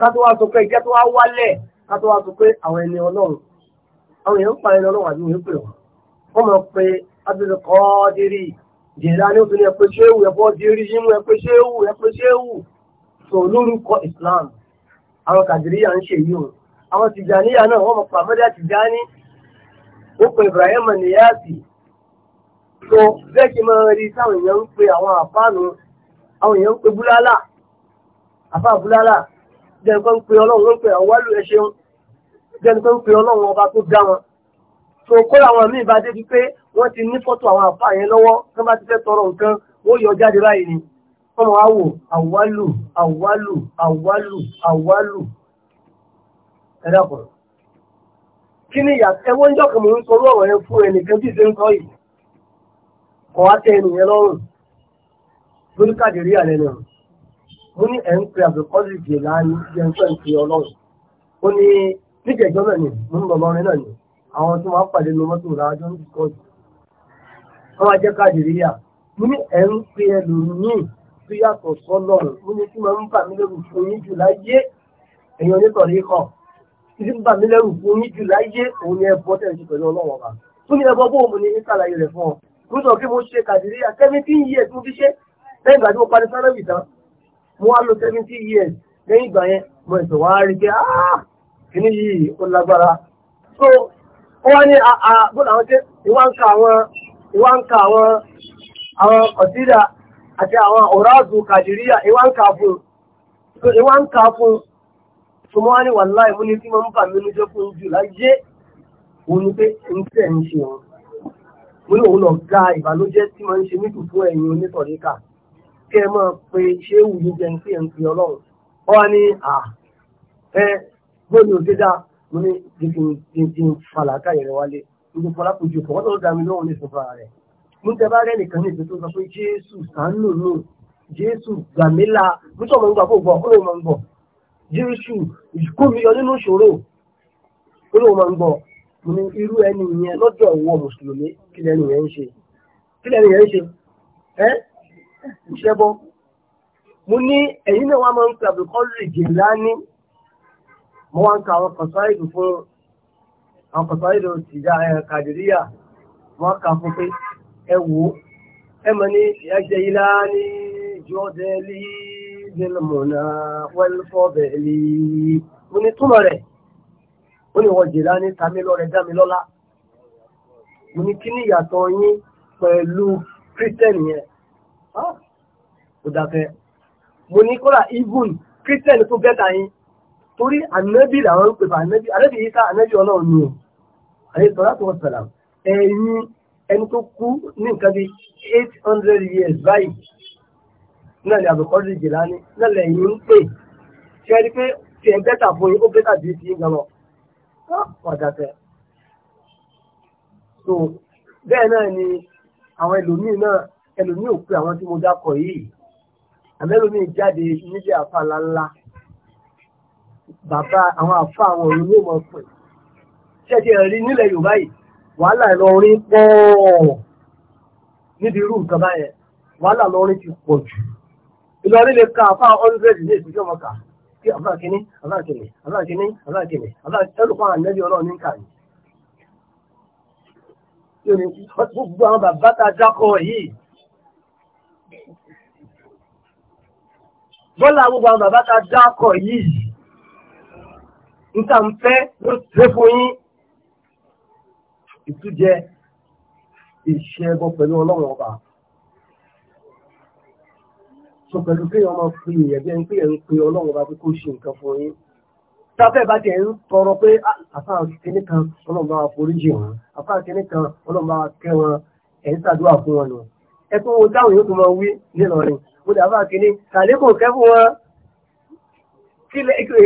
kátó wá sọ pé ìjẹ́ tó wá wálẹ̀ kátó wá sọ pé àwọn ẹni ọlọ́run àwọn èèyàn ń pa ẹni ọlọ́run àbí wọ́n pè wọ́n wọ́n mọ̀ pé Abdul Qadir jìnnà ní ẹ̀pẹ́ ṣéwù ẹ̀pọ́ dirí yín mú ẹ̀pẹ́ ṣéwù ẹ̀pẹ́ ṣéwù sọ lórúkọ Islam àwọn kàdìríyà ń ṣe yìí o àwọn tìjàníyà náà wọ́n mọ̀ pàmọ́dé àtìjání ó pe Ibrahim Niyasi tó bẹ́ẹ̀ kí máa rí táwọn èèyàn ń pe àwọn àfáànù àwọn èèyàn ń pe búlálà àfáà búlálà jẹ́ni kan ń pe ọlọ́run ń pe àwọn wálù ẹ ṣeun jẹ́ni kan ń pe ọlọ́run ọba tó dá wọn tó kó àwọn míì bá débi pé wọ́n ti ní fọ́tò àwọn àfáà yẹn lọ́wọ́ tó bá ti fẹ́ tọrọ nǹkan wọ́n yọ jáde báyìí ni ọmọ awò àwálù àwálù àwálù àwálù ẹ̀dàpọ̀ kí ni ìyà ẹwọ́n jọ́ kàmù ń sọrọ̀ ọ̀rọ̀ yẹn fún ẹnìkan tí ṣe ń kọ́ yìí kọ̀ wá tẹ ènìyàn lọ́rùn lórí kàdìrí àlẹ́ náà mo ní ẹ̀ ń pe àbẹ̀kọ́sì jìlá ní jẹun pẹ̀ ń pe ọlọ́run ó ní níjẹ̀jọ́ náà ni mo ń lọ lọ́rin náà ni àwọn tó máa ń pàdé ní mọ́tò láàjọ ń kọ́ yìí wọ́n máa jẹ́ kàdìrí à mo ní ẹ̀ ń pe ẹlòmíì tó yàtọ̀ sọ́lọ́run mo ní tí mo ń bà mí lẹ́rù fún yín jù láyé ẹ̀yin onítọ̀rí kan ìdí ń bà mí lẹ́rù fún yín jù láyé òun ni ẹbọ tẹ̀ sí pẹ̀lú ọlọ́wọ́n ọba tó ní ẹbọ bóun ní ìsàlàyé rẹ̀ fún ọ mo sọ pé mo ṣe kàdírí à seventeen years mo fi ṣe lẹ́yìn ìgbà tí mo parí sárẹ́wì tán mo wá lò seventeen years lẹ́yìn ìgbà yẹn mo ẹ̀sọ̀ wá rí pé ah, kíní yìí ó lágbára so ó wá ní ah, ah, bó làwọn ṣe ìwá ń ka àwọn ìwá ń ka àwọn àwọn ọ̀tíra àti àwọn ọ̀rázù kàdìríyà ìwà ń kà fún ìwà ń kà fún ṣùgbọ́n wá ní wà láì mú ní tí wọ́n ń bà mí lójó fún jù láyé òun ni pé ń tẹ̀ ń ṣe wọn mo ní òun lọ ga ìbànújẹ́ tí wọ́n ń ṣe mí tù fún ẹ̀yin onítọ̀ríkà kẹ́ ẹ máa pe ṣé wù ní jẹun sí ń pe ọlọ́run ọ ní à ẹ gbóni ní dídín falàkà ní mú tẹ bá rẹ nìkan ní ìgbésó sọ pé jésù sàánù nù jésù gbàmílà mítọ mọ ń gbà fún gbọ ó lóun mọ ń gbọ jésù kó mi yọ nínú ìṣòro ó lóun mọ ń gbọ mo ní irú ẹni yẹn lọ́jọ́ ìwọ mùsùlùmí kí lẹni yẹn ń ṣe kí lẹni yẹn ń ṣe ẹ ìṣẹbọ mo ní ẹ̀yin náà wàá máa ń kàbí kọ́lù ìjìnlá ní mo wá ń ka àwọn kọ̀sáìdù fún àwọn kọ̀sáìdù tìjà kàdìríyà wọ́n kà fún pé ẹwò ẹmọ ní ẹjẹ ilá ní jọdẹlí bílmọ̀nà wẹ́lfọ́bẹ̀lì mo ní túmọ̀ rẹ̀ ó ní wọ́n jìlá ní tamilọ́rẹ̀ dámilọ́lá mo ní kí ní ìyàtọ̀ yín pẹ̀lú kírísítẹ́nì yẹn ó dákẹ́ mo ní kọ́lá even kírísítẹ́nì tó bẹ́ta yín torí ànábì làwọn ń pè fún ànábì ànábì yìí ká ànábì ọlọ́run ni o àyè sọ̀rọ̀ àti wọ́n sọ̀rọ̀ ẹ̀yin ẹni tó kú ní nǹkan bí eight years báyìí náà ni àbùkọ́dé Jìlání náà lẹ́yìn ń pè ṣe é rí pé tiẹ̀ bẹ́tà fún yín ó bẹ́tà bí ti ń gan lọ ọ̀dà so bẹ́ẹ̀ náà ni àwọn ẹlòmíì náà ẹlòmíì ò pé àwọn tí mo dákọ̀ yìí àmọ́ ẹlòmíì jáde níbi àfa ńláńlá bàbá àwọn àfa àwọn òun ló mọ̀ pẹ̀ ṣẹ́ẹ̀tì ẹ̀rí nílẹ̀ Yorùbá yìí wàhálà Ìlọrin pọ̀ níbi irú nǹkan báyẹn wàhálà Ìlọrin ti pọ̀ jù Ìlọrin lè ka àfa hundred ní ìpínlẹ̀ ọmọkà kí àfa kìíní àfa kìíní àfa kìíní àfa kìíní àfa ẹlùkọ́ ànẹ́bí ọlọ́run ní kà ní. gbogbo àwọn bàbá tá a yìí bọ́lá gbogbo àwọn bàbá tá a dákọ̀ yìí nǹkan fẹ́ ló ṣe fún yín ìtújẹ ìṣẹ́gun pẹ̀lú ọlọ́run ọba so pẹ̀lú pé ọmọ pe èèyàn bí ẹni pé ẹni pe ọlọ́run ọba pé kó ṣe nǹkan fún yín sáfẹ́ bá tiẹ̀ ń tọrọ pé ah, àfáà kìíní kan ọlọ́run bá wa foríjì wọn àfáà kìíní kan ọlọ́run bá wa kẹ́ wọn ẹ̀ ń ṣàdúrà fún wọn nù ẹ tó wo táwọn yóò tó máa wí nílọrin mo dà àfáà kìíní kàlékò kẹ́ fún wọn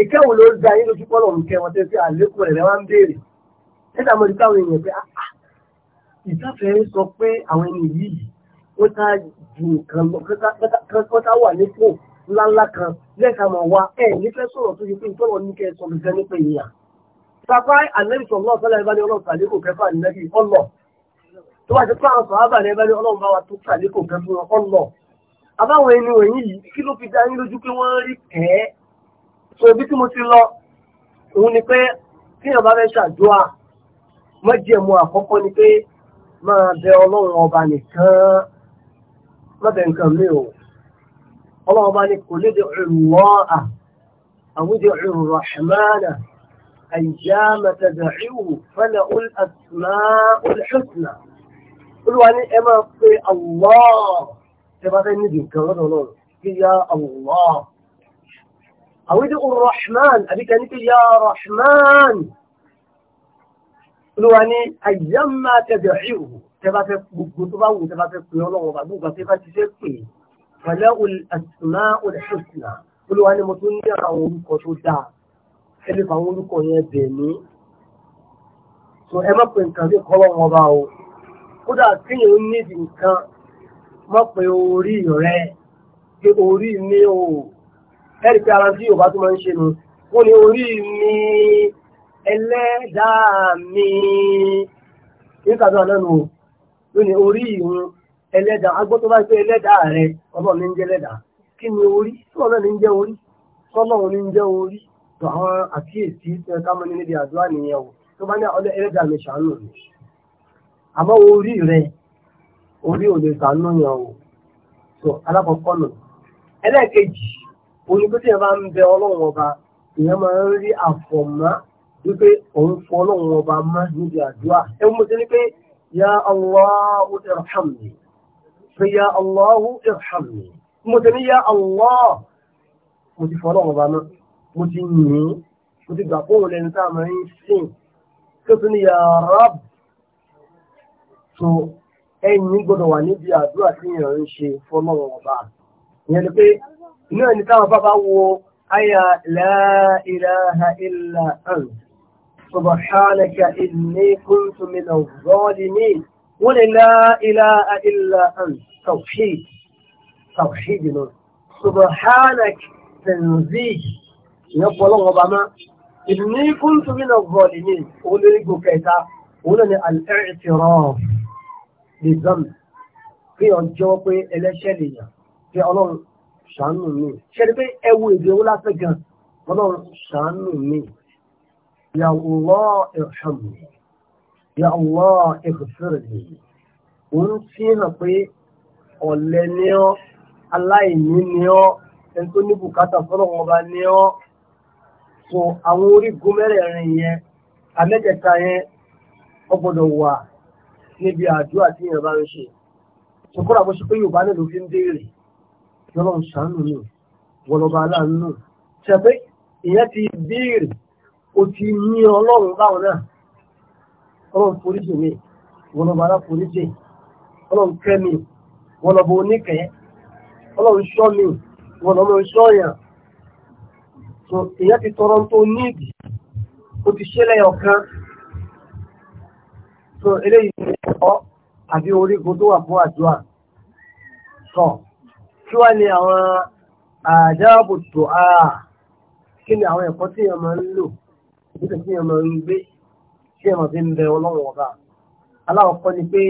ìkẹ́wò ló ń da yín lójú pọ́lọ̀ ń kẹ́ wọn tẹ́ sí àlékún rẹ̀ lẹ́wọ́n ń béèrè nígbà mo rí táwọn èèyàn pé ah ìtafẹ́ sọ pé àwọn ẹni yìí ó tá ju nǹkan lọ kọ́tà wà nípò ńláńlá kan lẹ́ka mọ̀ wá ẹ̀ nífẹ̀ẹ́ sọ̀rọ̀ tó yẹ pé ìtọ́lọ̀ ní kẹ́ sọ gẹ́gẹ́ nípa ìyà. Sàfá ànẹ́bí sọ̀rọ̀ náà sọ́lá ìbáni ọlọ́run sàlékò kẹfà ànẹ́bí ọlọ̀. Tó bá ti pé àwọn sọ̀hábà ní ìbáni ọlọ́run bá wa tó sàlékò kẹfà ọlọ̀. Àbáwọn ẹni wọ̀nyí yìí kí ló fi dá yín lójú pé wọ́n rí tẹ́. So ibi tí mo ti lọ, òun ni pé kíyàn bá fẹ́ ṣàdúrà, mọ́jẹ̀mú àkọ́kọ́ ni pé máa bẹ ọlọ́run ọba nìkan lọ́bẹ̀ nǹkan mi ò ọlọ́run ọba ní kò lédè ìrùwọ́à àwùjọ ìrùrọ̀ṣẹ̀mánà àìjáàmà tẹ̀dẹ̀ríwò fẹ́lẹ̀ olùsùnà olùsùnà olúwa ní ẹ máa pe àwọ̀ ẹ bá fẹ́ níbi nǹkan lọ́dọ̀ náà kí ya àwọ̀ àwùjọ ìrùrọ̀ṣẹ̀mánà àbíkẹ́ ní kí ya rọ̀ṣẹ̀mánà olúwa ní àyàmá tẹ̀bẹ̀ ìhù tẹ́bá fẹ́ gbogbo tó bá wù tẹ́bá fẹ́ pè ọlọ́run ọba gbogbo àti bá ti fẹ́ pè pẹ̀lẹ́ àtìmá olùsọ̀tìmá olúwa ní mo tún ní àwọn orúkọ tó dáa ẹni fún àwọn orúkọ yẹn bẹ̀ mí. tó ẹ má pè nǹkan bí kọ́ ọlọ́run ọba o kódà kínyìn ó ní ìdì nǹkan má pè orí rẹ pé orí mi o ẹ̀rì pé ara tí yorùbá tó máa ń ṣe nu wọ́n ní orí mi. ẹlẹ́dàá mi ní kàdó ànánu o lónìí orí ìhun ẹlẹ́dàá agbó tó bá ń pẹ́ ẹlẹ́dàá rẹ ọlọ́run ní ń jẹ́ ẹlẹ́dàá kí ni orí sọ́ọ̀ náà ní ń jẹ́ orí sọ́lọ́run ní ń jẹ́ orí tó àwọn àkíyèsí tó ká mọ́ níbi àdúrà nìyẹn o tó bá ní ọlẹ́ ẹlẹ́dàá mi ṣàánú mi àmọ́ orí rẹ orí ò lè ṣàánú yẹn o tó alákọ̀ọ́kọ́ nù ẹlẹ́ẹ̀kejì bá ń bẹ ọlọ́run ọba ìyẹn máa ń rí àfọ̀mọ́ wípé òun fọ ọlọ́run ọba mọ́ níbi àdúrà ẹ mú sí ni pé ya Allahu irhamni pé ya Allahu irhamni mo ti ní ya Allah mo ti fọ ọlọ́run ọba mọ́ mo ti yìn ín mo ti gbà pé òun lẹni tá a máa ń sìn tó tún ní ya Rabb so ẹ̀yin gbọ́dọ̀ wà níbi àdúrà tí èèyàn ń ṣe fọlọ́run ọba ìyẹn ni pé inú ẹni táwọn bá bá wo aya la ilaha illa anta. سبحانك إني كنت من الظالمين ولا إله إلا أنت توحيد توحيد سبحانك تنزيه يقول الله إني كنت من الظالمين أولئك كيتا أولئك الاعتراف بالذنب في ọjọ́ pé ẹlẹ́ṣẹ̀ lèèyàn pé ọlọ́run ṣàánú mi ṣẹ́ni pé ẹwu èdè owó lásán يا الله ارحمني يا الله اغفر لي òun fi hàn pé ọ̀lẹ ni ọ́ aláìní ni ọ́ ẹni tó ní bùkátà fọlọ́wọ́n ọba ni ọ́ so àwọn orígun mẹ́rẹ̀ẹ̀rin yẹn amẹ́tẹ̀ẹ̀ta yẹn ó gbọ́dọ̀ wà níbi àdúrà tí yẹn bá ń ṣe ṣùgbọ́n àbọ̀ pé yorùbá náà ló fi ń béèrè lọ́lọ́run ṣàánú mi wọ́lọ́ba aláàánú ṣẹ̀pẹ́ ìyẹn ti béèrè ó ti ní ọlọ́run báwọn náà ọlọ́run foríṣì mi wọn lọ bàrá foríṣì ọlọ́run kẹ́ mi wọn lọ bọ oníkẹ́ ọlọ́run ṣọ́ mi wọn lọ lọ́run ṣọ́ yàn so èyàn ti tọrọ tó níìdì ó ti ṣẹlẹ̀ ọ̀kan so eléyìí ni ọ̀ àbí orígun tó wà fún àdúrà sọ kí wá ní àwọn àdáàbò tó a kí ni àwọn ẹ̀kọ́ tí èèyàn máa ń lò ìgbésẹ̀ tí èèyàn máa ń gbé tí èèyàn fi ń bẹ ọlọ́run ọba aláwọ̀kọ́ ni pé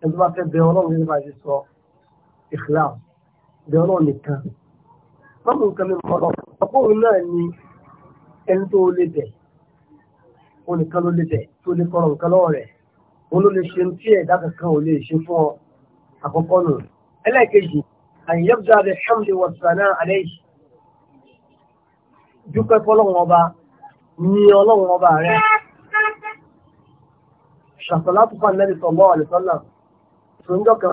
ẹni tó bá fẹ́ bẹ ọlọ́run nípa ti sọ ìfìlà bẹ ọlọ́run nìkan mọ́mú nǹkan mi mọ́ ọkùnrin náà ni ẹni tó lè bẹ̀ òun nìkan ló lè bẹ̀ tó lè kọ́rọ̀ nǹkan lọ́wọ́ rẹ̀ òun ló lè ṣe tí ẹ̀dá kankan ò lè ṣe fún ọ àkọ́kọ́ nù ẹlẹ́ẹ̀kejì àyẹ̀yẹ́ bí ṣàmùlẹ̀ wọ̀sán ní ọlọ́run ọba rẹ̀ ṣàtọ̀lá tó fàn lẹ́bi sọ̀mọ́ àlẹ́sọ́là ṣòǹjọ́ kan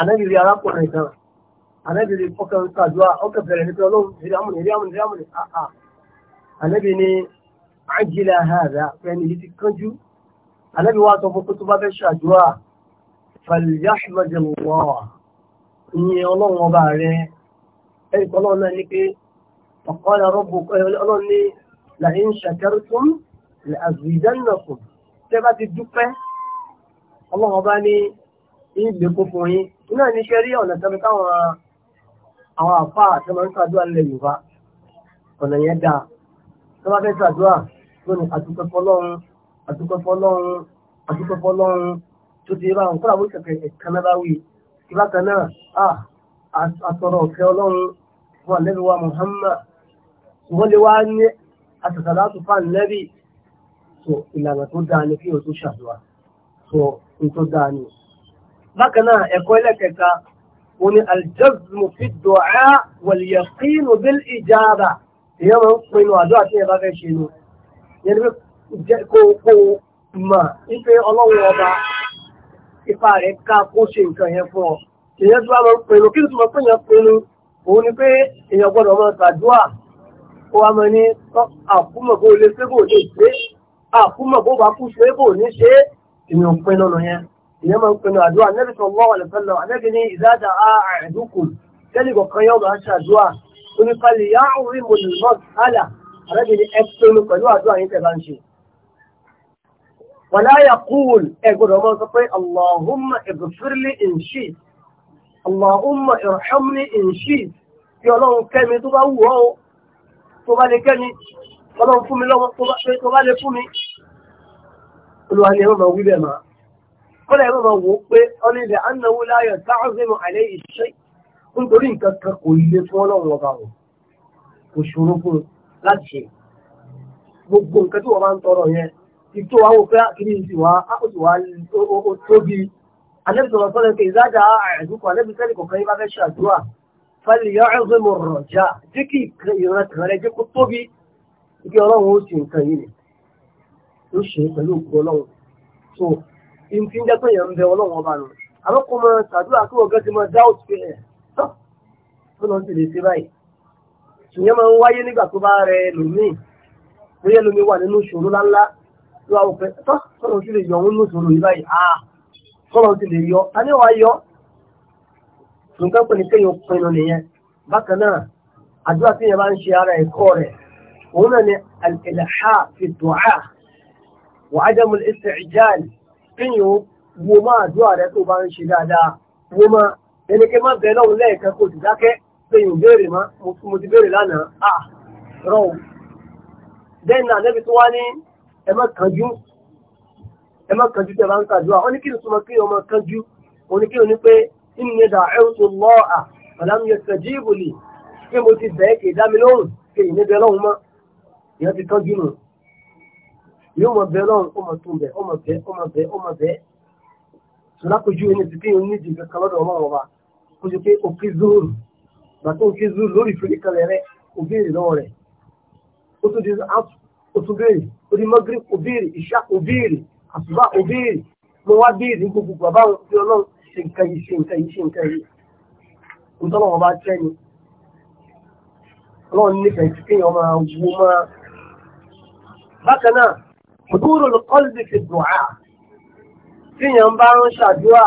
ànẹ́bìrì arákùnrin kan ànẹ́bìrì fọ́kàn ṣàdúrà ọkẹ̀ bẹ̀rẹ̀ nípa ọlọ́run iri àmúni ìrí àmúni àà ni àjìlá àhàdà pẹ̀lú yìí ti kánjú ànẹ́bì wa sọ fún tó bá fẹ́ ṣàdúrà ọlọ́run ọba rẹ̀ لئن شكرتم لأزيدنكم tẹ́bá ti الله ọlọ́run إيه ní ìgbèkó fún yín iná ní ṣe rí ọ̀nà tẹ́bí táwọn àwọn àfá àti máa ń ṣàdúrà nílẹ̀ yorùbá ọ̀nà yẹn dáa tẹ́bá fẹ́ ṣàdúrà tó ní àdúpẹ́ fọlọ́run àdúpẹ́ fọlọ́run àdúpẹ́ fọlọ́run tó ti rà nǹkan àwọn ìṣẹ̀kẹ̀ kanáwáwì ìbákan náà à àtọ̀rọ̀ ọ̀fẹ́ ọlọ́run fún àlẹ́bíwá Muhammad wọ́n lè wá ní àtàtàlá tó fà nẹ́bì so ìlànà tó dáa ni kí o tó ṣàdúrà so n tó dáa ni. bákan náà ẹ̀kọ́ ẹlẹ́kẹta òun ni aljazmu fi du'a wal yaqinu bil ijaba èèyàn máa ń pinnu àdúrà tí ẹ bá fẹ́ ṣe ni yẹn ni pé kó kó mà ife ọlọ́run ọba ipa rẹ̀ ká kó ṣe nǹkan yẹn fún ọ èèyàn tó bá máa ń kí ló tó máa ń pinnu òun ni pé èèyàn gbọ́dọ̀ máa ṣàdúrà ó wá mọ ní àkúmọ̀ bó lè ṣe bò lè ṣe àkúmọ̀ bó bá kú ṣe bò ní ṣe èmi ò pinnu lọ yẹn ìyẹn máa ń pinnu àdúrà nẹ́bí sọ lọ́wọ́ àlẹ́fẹ́lọ́ àlẹ́bí ní ìdájà àìdúkù tẹ́lẹ̀ kọ̀ọ̀kan yóò máa ṣàdúrà oníkalẹ̀ yá orí mo lè mọ̀ sálà àlẹ́bí ní ẹ pinnu pẹ̀lú àdúrà yín kí ọlọ́run kẹ́mi tó bá wù ọ́ tó bá lè kẹ́mi ọlọ́run fún mi lọ́wọ́ tó bá lè fún mi olúwa ni ẹ̀rọ máa wí bẹ́ẹ̀ máa kọ́lá ẹ̀rọ máa wò ó pé ọlọ́run ilẹ̀ anáwó láyọ̀ táàzẹ́mù àlẹ́ ìṣe nítorí nǹkan kan kò yí lé fún ọlọ́run ọba wọn kò ṣòro fún láti ṣe gbogbo nǹkan tí wọ́n máa ń tọrọ yẹn ah, ah, ti tó àwọn pé kìíní ti wá ó wá ó tóbi alẹ́bìsọ̀rọ̀ sọ́lẹ̀ pé ìzájà àìdúkọ̀ alẹ́bìsẹ́lẹ̀ kọ̀ọ̀kan yín bá fẹ́ ṣàdúrà فليعظم الرجاء جكي يرات غير جك الطبي يجي الله وشي كاين وشي pẹ̀lú Ọlọ́hun so in tin da pé yan be Ọlọ́hun ọba nu àwọn ko ma sadura ko ga ti ma doubt pé eh so ló ń tẹ̀lé sí báyìí ìyẹn máa ń wáyé nígbà tó bá rẹ lómìn bóyá lómi wà nínú ìṣòro ńláńlá ló wà ó pé tọ́ sọ́nà ti lè yọ òun ní ìṣòro yìí báyìí ah sọ́nà ti lè yọ ta ni wàá yọ nǹkan pè ní kéèyàn pinnu nìyẹn bákan náà àdúrà tí yẹn bá ń ṣe ara ẹ̀kọ́ rẹ̀ òun náà ni al-ilha fi du'a wa adam al-isti'jal kéèyàn wo má àdúrà rẹ̀ tó bá ń ṣe dáadáa wo má ẹni kí má bẹ̀rẹ̀ lọ́hùn lẹ́ẹ̀kan kó ti dákẹ́ kéèyàn béèrè má mo ti béèrè lánàá à rọ̀ bẹ́ẹ̀ náà nẹ́bi tó wá ní ẹ má kánjú ẹ má kánjú tẹ̀ bá ń kàdúrà ó ní kí ni túmọ̀ kí ọmọ kánjú ó ní kí ni pé inni da'awtu Allaha falam yastajibu li pé mo ti bẹ̀ẹ́ kì í dá mi lóhùn pé ìní bẹ lọ́hùn mọ́ ìyẹn ti tọ́jú nù yóò mọ bẹ lọ́hùn ó mọ tún bẹ ó mọ bẹ ó mọ bẹ ó mọ bẹ sọlákojú ẹni ti kéèyàn ní ìdìbò kan lọ́dọ̀ ọmọ ọba kó ṣe pé òkè zoro bàtà òkè zoro lórí ìfìrí kalẹ̀ rẹ òbéèrè lọ́wọ́ rẹ̀ ó tún di ó béèrè ó di mọ́gírí òbéèrè ìṣá òbéèrè àtúbà òbéèrè mo wá béèrè ní gbogbo bàbá òun sí ọlọ́run ṣe nǹkan yìí ṣe nǹkan yìí ṣe nǹkan yìí nítorí wọn bá tẹ́ ni ọlọ́run nífẹ̀ẹ́ sí kéèyàn máa wo máa bákan náà òdúró lọ́kọ́lùdì fi dùn á kéèyàn bá ń ṣàdúrà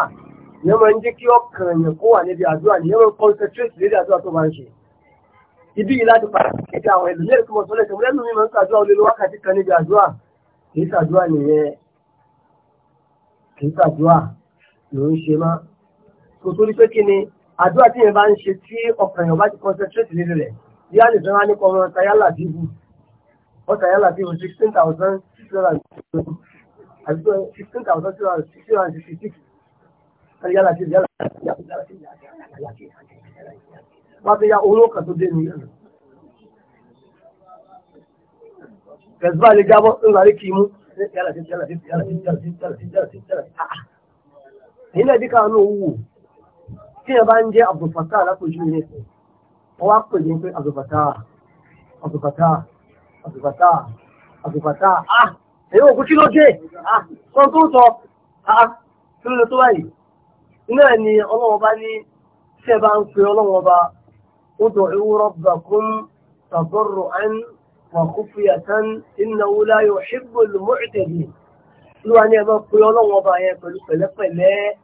ìyẹn máa ń jẹ́ kí ọkàn èèyàn kó wà níbi àdúrà ìyẹn máa ń concentrate lórí àdúrà tó máa ń ṣe ibi yìí láti pàdé kéde àwọn ẹlòmíràn tó mọ̀ sọ́lẹ̀ tó lẹ́nu mi máa ń ṣàdúrà olè ló ń ṣe máa kò tó rí pé kí ni àdúrà tí yẹn bá ń ṣe tí ọkàn yẹn bá ti concentrate lérí rẹ̀ bí a lè fẹ́ wá nípa ọmọ tayálà bíbù ọ tayálà bíbù sixteen thousand six hundred and sixty àti sixteen thousand six hundred six hundred sixty six tayálà bíbù yálà wọ́n fi ya owó kan tó dé ní ìlú. Fẹ̀sùbá lè jábọ́ ńlá rí kì í mú yálà sí yálà sí yálà sí yálà sí yálà sí yálà sí yálà sí nílẹ̀ bí káwọn náà wù tí ẹ bá ń jẹ́ Abdulfatah alákòjú ilé wọ́n wá pè ní pé Abdulfatah Abdulfatah Abdulfatah Abdulfatah ah èyí òkú kí ló dé ah sọ tó sọ ah kí ló lè tó báyìí iná ẹ̀ ni ọlọ́wọ́ bá ní tí ẹ bá ń pe ọlọ́wọ́ bá ó tọ̀ ewu rọ́bà kún tàbọ̀rọ̀ àn wà kúfìyà tán innahu la yuhibbul mu'tadin lúwa ní ẹbọ pé ọlọ́run ọba yẹn pẹ̀lú pẹ̀lẹ́pẹ̀lẹ́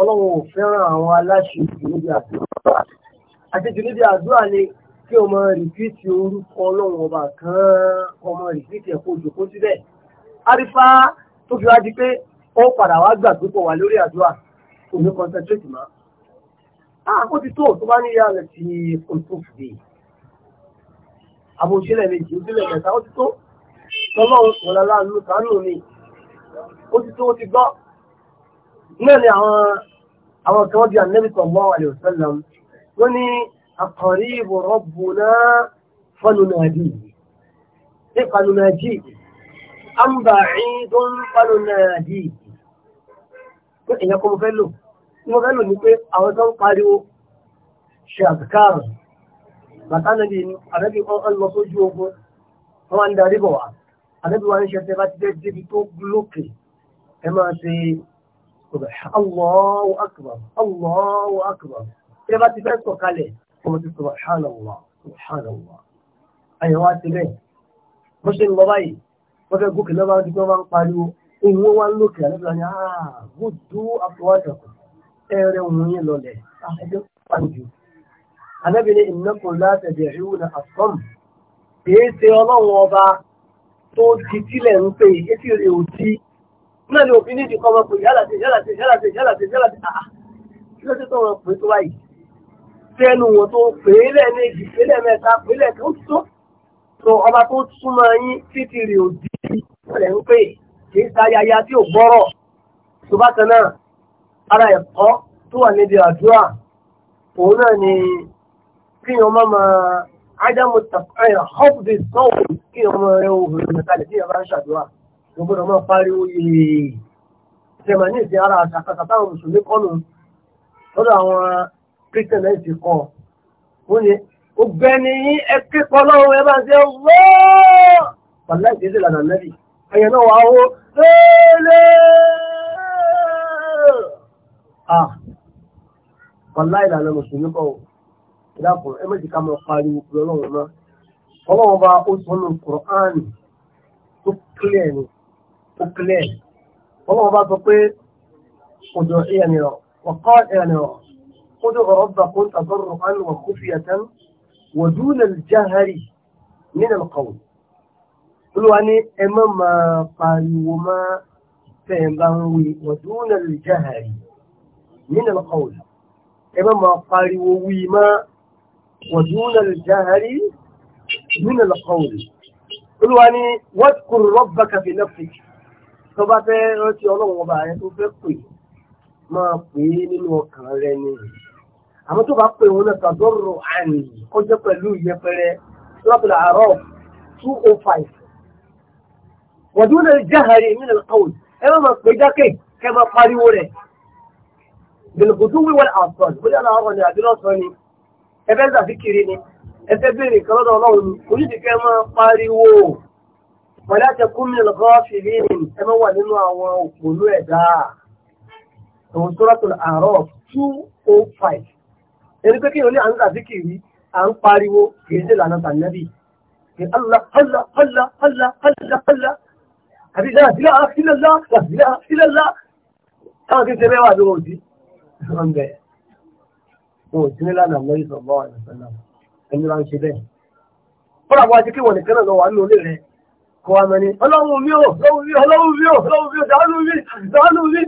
ọlọ́run ò fẹ́ràn àwọn aláṣẹ ìdílé àdúrà àti ìdílé àdúrà ni kí o máa rìpíìtì orúkọ ọlọ́run ọba kan kó máa rìpíìtì ẹ̀kọ́ òjòkó síbẹ̀ àrífá tó fi wá di pé ó padà wá gbà púpọ̀ wà lórí àdúrà kò ní concentrate mọ́ àkó ti tó tó bá ní ìyá rẹ̀ ti kòtò fìdí àbòsílẹ̀ méjì ojúlẹ̀ mẹ́ta ó ti tó lọ́lọ́run kò lálá nù kánú mi ó ti tó ó ti gbọ́ náà ni àwọn àwọn kan wọ́n bí Ànábì sallallahu alaihi wasallam wọ́n ní aqaribu rabbuna fanunadihi ṣé fanunadihi am ba'idun fanunadihi pé èèyàn kọ́ ní pé àwọn tó ń pariwo ṣe ún bàtà náà àrẹ́bí àdébí wa ń ṣe tẹ́lá ti dẹ́ débi tó lókè ẹ máa ṣe Allahu akbar Allahu akbar tẹ́lá bá ti fẹ́ sọ̀kalẹ̀ ọmọ ti subhanallah subhanallah ayọ̀ wa ti bẹ́ẹ̀ bó ṣe ń lọ báyìí wọ́n fẹ́ gòkè lọ́wọ́ àti wọ́n bá ń pariwo òun wá lókè àdébí wa ni ah, gbódú àfọwọ́dọ̀kọ̀ ẹ̀rẹ̀ òun yẹn lọlẹ̀ ah, ẹjọ́ ni ìnákùn látẹ̀dẹ̀ ríwú tó di tílẹ̀ ń pè é tí rè ò di náà ni òbí nídìí kọ́ ọmọ pé yálà ṣe yálà ṣe yálà kí ló ṣe tó wọn pè tó báyìí tẹnu wọn tó pè é lẹ́ẹ̀mejì pè é lẹ́ẹ̀mẹ́ta pè é lẹ́ẹ̀kan tó tó ọba tó súnmọ́ yín títí rè ò di tílẹ̀ ń pè kì í sayaya tí ò gbọ́rọ̀ tó bá kan ara ẹ̀kọ́ tó wà níbi àdúrà òun náà ni kíyàn ádámù tàkàyà hófdì sọ́wọ́ kí ọmọ rẹ obìnrin nìkalẹ̀ tí ìyàbá ń ṣàdúrà gbogbo ọmọ pariwo yìí ìṣẹ̀mà ní ìsìn ara àṣàkàṣà táwọn mùsùlùmí kọ́nù lọ́dọ̀ àwọn kírísítẹ̀ náà ti kọ́ wọ́n ni ọgbẹ́ni yín ẹ kíkọ́ lọ́wọ́ ẹ bá ń ṣe wọ́ pàlá ìdílé lànà lẹ́bi ẹ̀yẹ náà wàá wó lélẹ̀ ah pàlá ìlànà mùsùlùmí kọ́ wọ́n ìdáàbò ẹ méjì ká máa pariwo pé ọlọ́run náà ọlọ́run bá ó sọ nù kùránì tó kílẹ̀ ni tó kílẹ̀ ọlọ́run bá sọ pé ọjọ́ ìyànnìyàn ọ̀kọ́ ìyànnìyàn ادعوا ربكم تضرعا وخفية ودون الجهر من القول Olúwa ní ẹ má máa pariwo má tẹ̀ bá ń wí ودون الجهر من القول ẹ má máa pariwo wí má Oh ودون الجهل من القول قلوا أني واذكر ربك في نفسك tọba fẹ́ rántí ọlọ́run ọba rẹ tó fẹ́ pè máa pè é nínú ọkàn rẹ ni àmọ́ tó bá pè wọn náà tàdọrọ àrùn kọjá pẹ̀lú ìyẹpẹrẹ lọpẹlẹ àárọ̀ two oh five wọdún náà jáhàrí èmi náà kàwé ẹ má máa pè jákè kẹ máa pariwo rẹ gbẹlẹgbẹdún wíwọlé àtọ ìgbẹlẹ àwọn ọ̀rọ̀ ni àbí lọsọ ni ẹfẹ́ sàfikiri ni ẹfẹ́ bèèrè kan lọ́dọ̀ ọlọ́run ni onídìkẹ́ máa pariwo wàlá takun min al-ghafilin ẹ máa wà nínú àwọn òpònú ẹ̀dá àwọn Suratul A'raf two oh five ẹni pé kí ni à ń sàfikiri à ń pariwo kì í ṣe lànà tànẹ́bì kì í Allah Allah Allah Allah Allah Allah àbí la ilaha illallah la ilaha illallah táwọn kì ṣe mẹ́wàá ló wọ̀ sí ọ̀nbẹ̀ẹ́. O ò na ní lánàá lọ́yí sọ̀rọ̀ àìsànlá ẹni máa ń ṣe fúnra wa ti kí wọn nìkan náà lọ wà ní olè rẹ kọ wa mọ ni mi ò ọlọ́run mi ò mi ò mi ò mi dáánù mi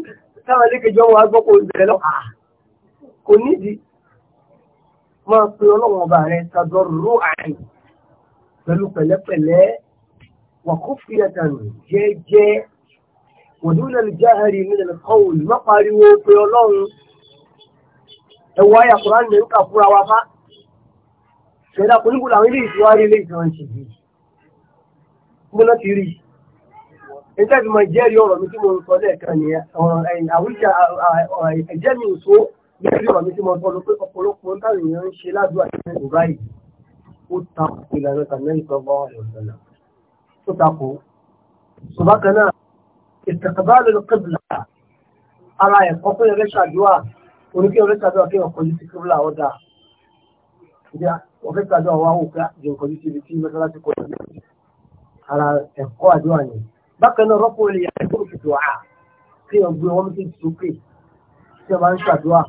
táwọn ẹlẹ́kẹjọ wọn gbọ́ kó bẹ̀rẹ̀ lọ kò nídìí máa pe ọlọ́run ọba rẹ rú wà kó fi má pariwo pe ẹwọ́ ayà kùrán lè ń kà fúra wa fá ṣẹ̀dá kùníkùn àwọn ilé ìtiwárí ilé ìtiwárí ṣe yìí mo lọ ti rí i nígbà tí mo jẹ́rìí ọ̀rọ̀ mi tí mo sọ lẹ́ẹ̀kan nìyẹn àwùjá ẹ̀jẹ̀ mi ò tó jẹ́rìí ọ̀rọ̀ mi tí mo sọ lọ pé ọ̀pọ̀lọpọ̀ ń tàbí èèyàn ń ṣe ládùúgbò àti ẹ̀rọ ó takò ìlànà tàmílì gbọ́gbọ́ ọ̀sán ó takò ṣùgbọ́n kan náà ìtàkàbá lórí kébìlà ara ẹ̀kọ́ fún ẹgbẹ́ ṣàdúrà oníkẹ́ oríṣàdúrà kí wọ́n kọjú sí kíbla ọ̀dà ìdá oríṣàdúrà wà wò ká jẹun kọjú sí ibi tí mọ́sálásí kọjú sí ara ẹ̀kọ́ àdúrà ni bákan náà rọ́pò ilé yàrá ìkúrò fìdù àá kí wọ́n gbé wọ́n méjì sókè tí wọ́n bá ń ṣàdúrà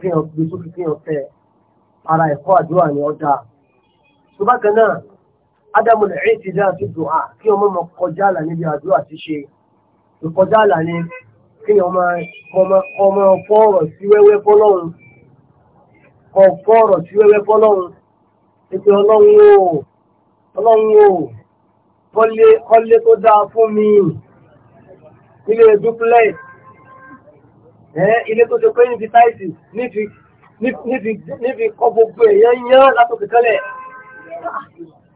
kí wọ́n gbé sókè kí wọ́n ara ẹ̀kọ́ àdúrà ni ọ̀dà tó bákan náà ádámù lẹ́yìn ti dáa sí dùn àá kí wọ́n mọ̀ kọjá àlà níbi àdúrà ti ṣe ìkọjá àlà ni kéèyàn máa ọmọ ọ̀fọ́ ọ̀rọ̀ sí wẹ́wẹ́ fọ́lọ́run ọ̀fọ́ ọ̀rọ̀ sí wẹ́wẹ́ fọ́lọ́run ètò ọlọ́run o ọlọ́run o kọ́lé kọ́lé tó dáa fún mi ilé dúpúlẹ̀ ẹ̀ ilé tó ṣe pé ní fi táìsì nífi kọ́ gbogbo èèyàn yán látòkè tẹ́lẹ̀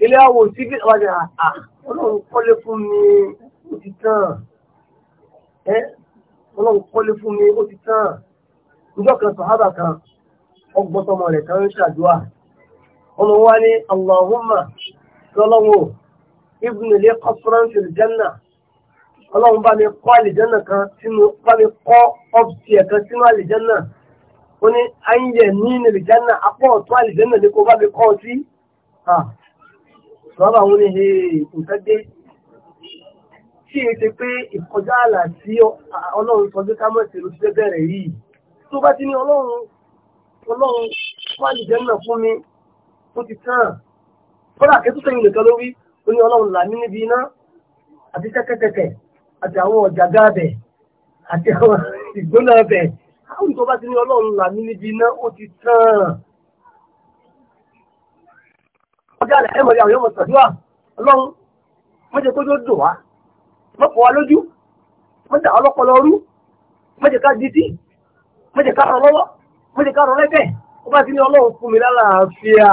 ilé àwò sí bí ah, ah, ọlọ́run kọ́lé fún mi ó ti tán ẹ́ ọlọ́run kọ́lé fún mi ó ti tán ìjọ kan sọ̀hábà kan ọgbọ́tọmọ rẹ̀ kan ń ṣàdúrà ọmọ wa ní Allahumma lọ́lọ́wọ́ ibùn ilé kọ́fúránṣì ìjẹ́nà ọlọ́run bá mi kọ́ àlìjẹ́nà kan sínú bá mi kọ́ ọ́fìsì ẹ̀kan sínú àlìjẹ́nà ó ní ayé ní ìlìjẹ́nà apọ̀ ọ̀tún àlìjẹ́nà ní kó bá mi kọ́ sí. sọ̀hábà wọn ni kò fẹ́ dé tí e ṣe pé ìkọjá àlà tí ọlọ́run sọ pé kámọ́sì ló ṣe bẹ̀rẹ̀ yìí tó bá ti ní ọlọ́run ọlọ́run wà ní jẹ́nà fún mi ó ti tán kọ́lá kẹ́tù sẹ́yìn nìkan ló wí ó ní ọlọ́run là mí níbi iná àti kẹ́kẹ́kẹ́kẹ́ àti àwọn ọ̀jàgá abẹ àti àwọn ìgbóná abẹ àwọn tó bá ti ní ọlọ́run là mí níbi iná ó ti tán ọjà àlẹ́ ẹ̀mọ̀lẹ́ àwọn yóò mọ̀ sàdúrà ọlọ́run mọ́jẹ́ kójú dùn wá mọ́kọ̀ wa lójú mọ́jà ọlọ́pọ̀lọ́ rú mọ́jà ká di sí mọ́jà ká rọ lọ́wọ́ mọ́jà ká rọ lẹ́gbẹ̀ẹ́ ó bá ti ní ọlọ́run fún mi lálàáfíà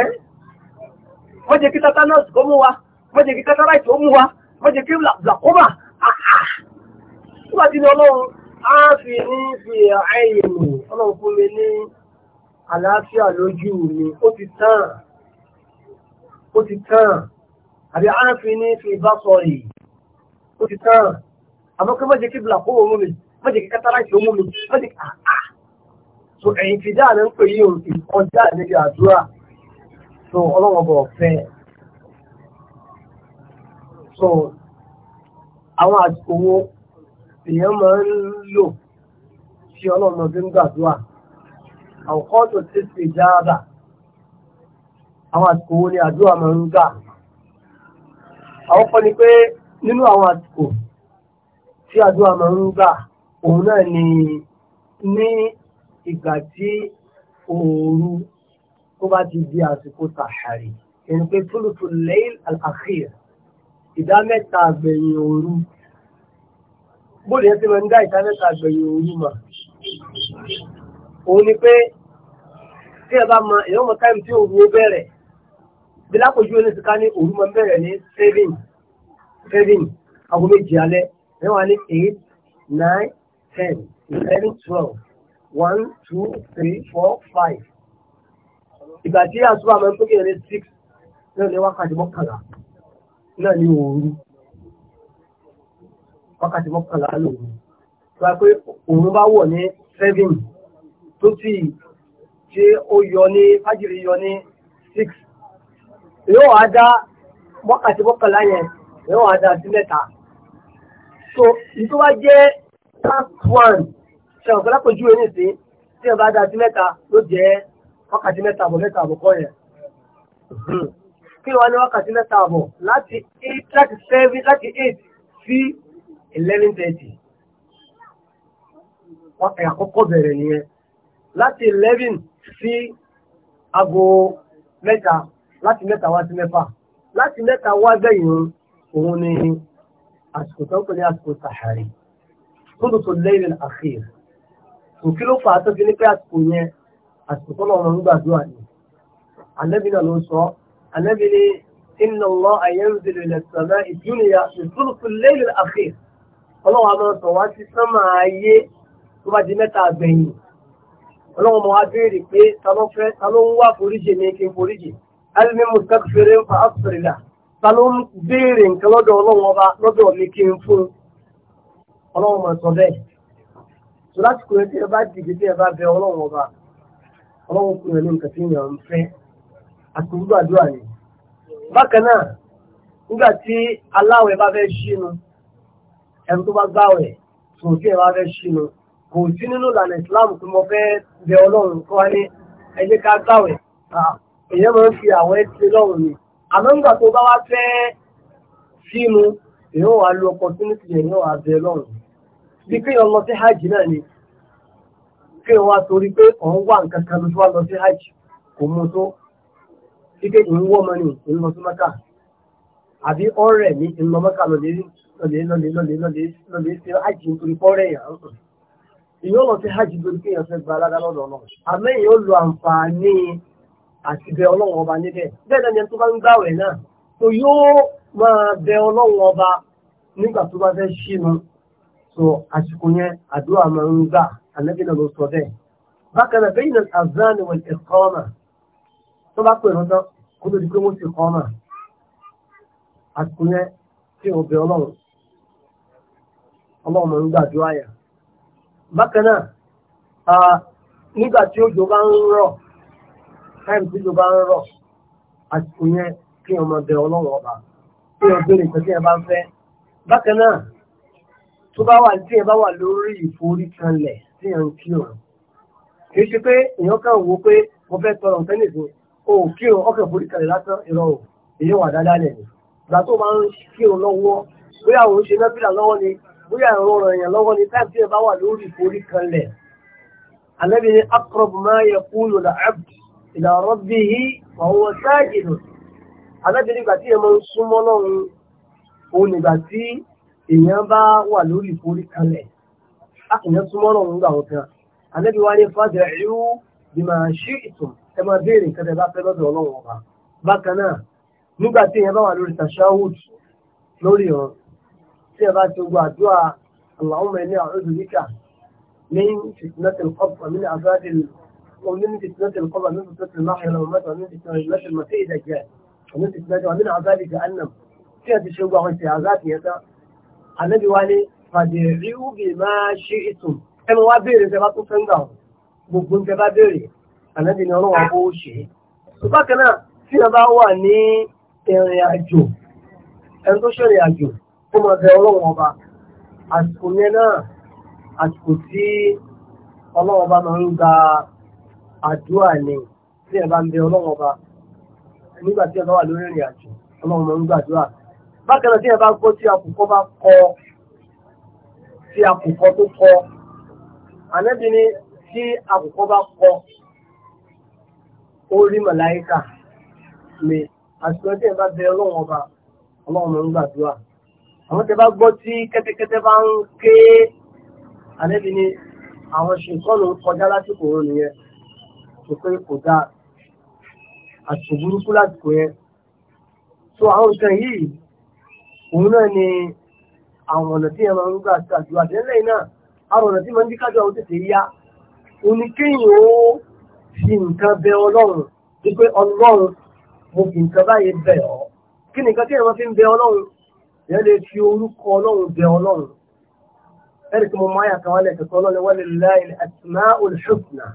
ẹ́ mọ́jà kí tata nọ́ọ̀sì kó mú wa mọ́jà kí tata láìsí ó mú wa mọ́jà kí làkóbà ó bá ti ní ọlọ́run á fi ní fi ẹ̀yìn ọlọ́run fún mi ní àlàáfíà lójú mi ó ti tán ó ti tán àbí àáfin ní fi bá sọ rè ó ti tán àmọ́ kí mọ̀jẹ̀ kí bìlà kó wọ́n mú mi mọ̀jẹ̀ kí kátàrà kí mú mi mọ̀jẹ̀ kí àá ah, ah. so ẹ̀yìn fi dáa ní ń pè yí o ìkọjá níbi àdúrà so ọlọ́wọ́ bọ̀ fẹ́ so àwọn àsìkò wo èèyàn máa ń lò tí ọlọ́mọ bí ń gbàdúrà àwọn kọ́ọ̀tù ti dáadáa àwọn àsìkò ni àdúrà máa ń gbà àwọn kọ́ ni pé nínú àwọn àsìkò tí àdúrà máa ń gbà òun náà ni ní ìgbà tí òru tó bá ti di àsìkò tàhàrì ẹni pé tólùtù lẹ́yìn àkàkìr ìdá mẹ́ta àgbẹ̀yìn òru bóòlù yẹn ti máa ń dá ìdá mẹ́ta àgbẹ̀yìn òru mà òun ni pé tí ẹ bá mọ èèyàn táìmù tí òru ó bẹ̀rẹ̀ bí lápòjú ẹni ti ká ní òru mọ́ ní seven seven aago méjì alẹ́ mẹ́wàá ní eight nine ten eleven twelve one two three four five ìgbà tí àtúbà máa ń pé kéde ní six náà ní wákàtí mọ́kànlá náà ní òru wákàtí mọ́kànlá lòru tó wá pé òun bá wọ̀ ní seven tó sì ṣe ó yọ ní fájìrì yọ ní six yóò wá dá wákàtí mọ́kànlá yẹn yóò wá dá sí mẹ́ta so ìtò wá jẹ́ task one ṣe ọ̀gá lápòjú ẹni sí tí ẹ dá sí mẹ́ta ló jẹ́ wákàtí mẹ́ta àbọ̀ mẹ́ta àbọ̀ kọ́ yẹn kí wọ́n ní wákàtí mẹ́ta àbọ̀ láti eight láti seven láti eight sí eleven thirty wákàtí àkọ́kọ́ bẹ̀rẹ̀ nìyẹn láti eleven sí mẹ́ta. láti mẹ́ta wá sí mẹ́fà láti mẹ́ta wá gbẹ̀yìn òun ni àsìkò tó ń pè ní àsìkò sàhárì tó tó tó lẹ́yìn àkhír kò kí ló fà á tó fi ní pé àsìkò yẹn àsìkò tó lọ́wọ́ ń gbàdúrà ni ànábì náà ló sọ ànábì ní inna Allah yanzilu ila as-sama'i ad-dunya fi thuluthi al ọlọ́wọ́ a sọ wá sí sánmà ayé tó bá di mẹ́ta àgbẹ̀yìn ọlọ́wọ́ mọ̀ wá béèrè pé ta ló fẹ́ ta ló ń wá foríjì ní kí n foríjì hal min mustakfirin fa aghfir lahu ta ló ń béèrè nǹkan lọ́dọ̀ ọlọ́run ọba lọ́dọ̀ mi kí n fún ọlọ́run mà sọ bẹ́ẹ̀ tó láti kúrẹ́ tí ẹ bá dìde tí ẹ bá bẹ ọlọ́run ọba ọlọ́run kúrẹ́ ní nǹkan tí èèyàn ń fẹ́ àti gbàdúrà ni bákan náà nígbà tí aláwẹ̀ bá fẹ́ ṣínu ẹni tó bá gbáwẹ̀ tó tí ẹ bá fẹ́ ṣínu kò sí nínú ìlànà ìsìláàmù tí mo fẹ́ bẹ ọlọ́run kọ́ ní ẹ jẹ́ ká ah èyàn máa ń fi àwọn e lọ́rùn ni àmọ́ nígbà tó bá wá fẹ́ sínú èyàn wà lu opportunity yẹn ní wàá bẹ lọ́rùn bí kéèyàn lọ sí hajj náà ni kéèyàn wá torí pé òun wà nǹkan kan lóṣù wá lọ hajj kò mú tó lọ sí àbí ọ̀rẹ́ lọ lọ́lẹ́ hajj nítorí pọ́rẹ́ lọ sí hajj lórí fẹ́ àti bẹ ọlọ́run ọba níbẹ̀ bẹ́ẹ̀ náà ni tó bá ń gbàwẹ̀ náà tó yóò máa bẹ ọlọ́run ọba nígbà tó bá fẹ́ ṣínú so àsìkò yẹn àdúrà máa ń gbà ànábì náà ló sọ bẹ́ẹ̀ bákan náà bẹ́yìn náà azan wal iqama tó bá pè lọ́tọ́ kó ló di pé mo ti kọ́ ọmọ àsìkò yẹn tí ò bẹ ọlọ́run ọlọ́run máa ń gbàdúrà yẹn bákan náà nígbà tí òjò bá ń rọ̀ táìmù tí ló bá ń rọ̀ àsìkò yẹn kí ọmọ bẹ ọlọ́run ọba kí ọ béèrè nǹkan tí ẹ bá ń fẹ́. bákan náà tó bá wà tí ẹ bá wà lórí ìforíkanlẹ̀ tí ẹ ń kírun kì í ṣe pé èèyàn kàn wò pé mo fẹ́ tọrọ nǹkan nìkan o kírun ọkàn ìforíkanlẹ̀ lásán ìrọ̀ o èyí wà dáadáa nìyẹn ìgbà tó máa ń kírun lọ́wọ́ bóyá òun ṣe náfìlà lọ́wọ́ ni bóyá ìrún ràn ìlà rabbihi wa huwa sajid alábìnrin ìgbà tí ẹ máa ń súnmọ́ lọ́run òun nígbà tí èèyàn bá wà lórí ìforí kalẹ̀ àkùnrin súnmọ́ lọ́run nígbà wọn kan alábìnrin wa ní fàdé ìlú bima shi'tum ẹ máa béèrè nǹkan tẹ bá fẹ́ lọ́dọ̀ ọlọ́run ọba bákan náà nígbà tí èèyàn bá wà lórí tashahhud lórí ọ̀run tí ẹ bá ti gbọ́ àdúrà Allahumma inni a'udhu bika min fitnatil qabr wa ومن فتنة القبر ومن فتنة المحيا والممات ومن فتنة المسيح الدجال ومن فتنة ومن عذاب جهنم فيها تشوب وغيث عذاب يتا النبي والي فادعوا بما شئتم ẹmọ wa béèrè tẹ bá tún fẹ́ ń gbà ọ́ gbogbo ń tẹ bá béèrè ànábì ni ọlọ́wọ́ bó ṣe é ṣùgbọ́n kan náà tí wọ́n bá wà ní ìrìn àjò ẹni tó ṣèrìn àjò tó máa bẹ ọlọ́wọ́ ọba àsìkò yẹn náà àsìkò tí ọlọ́wọ́ ọba máa ń gba àdúrà ni tí ẹ bá ń bẹ ọlọ́run ọba nígbà tí ẹ bá wà lórí ìrìn àjò ọlọ́run ọba ń gbàdúrà bákan náà tí ẹ bá gbọ́ tí àkùkọ bá kọ tí àkùkọ tó kọ ànábì ni tí àkùkọ bá kọ ó rí màláíkà mi àṣìkò tí ẹ bá bẹ ọlọ́run ọba ọlọ́run ọba ń gbàdúrà àwọn tí ẹ bá gbọ́ tí kẹ́tẹ́kẹ́tẹ́ bá ń ké ànábì ni àwọn ṣèkọ́nù kọjá lásìkò òun nìyẹn tó pé kò dáa àsìkò burúkú lásìkò yẹn so àwọn nǹkan yìí òun náà ni àwọn ọ̀nà tí ẹ máa ń gbà ṣàjù àtẹ́lẹ̀ náà àwọn ọ̀nà tí máa ń díkájọ àwọn tètè yá òun kéèyàn ó fi nǹkan bẹ ọlọ́run bí pé ọlọ́run mo fi nǹkan báyìí bẹ ọ́ kí nìkan tí èèyàn fi ń bẹ ọlọ́run èèyàn lè fi orúkọ ọlọ́run bẹ ọlọ́run ẹ̀rì tí mo máa yà kan kẹ̀kọ́ ọlọ́run wálé láì asmaul husna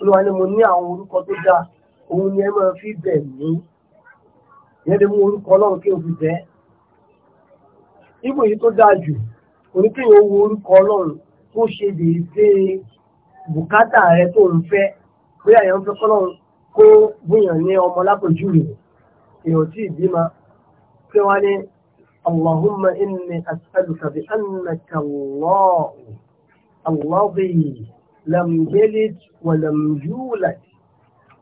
olúwa ni mo ní àwọn orúkọ tó dáa òun ni ẹ máa fi bẹ̀ mí ìyẹn lè mú orúkọ ọlọ́run kí o fi bẹ́ẹ̀. ibò yìí tó dáa jù oníkéèyàn wo orúkọ ọlọ́run tó ṣe déédé bùkátà rẹ tó ń fẹ́ bóyá èèyàn ń fẹ́ kọ́lọ́run kó gbìyàn ní ọmọ lápèjúwe èèyàn tí ì bímọ pé wá ní اللهم إني أسألك بأنك الله الذي lẹ́mùjẹ́lẹ́ wọ̀lẹ̀mùjúlẹ̀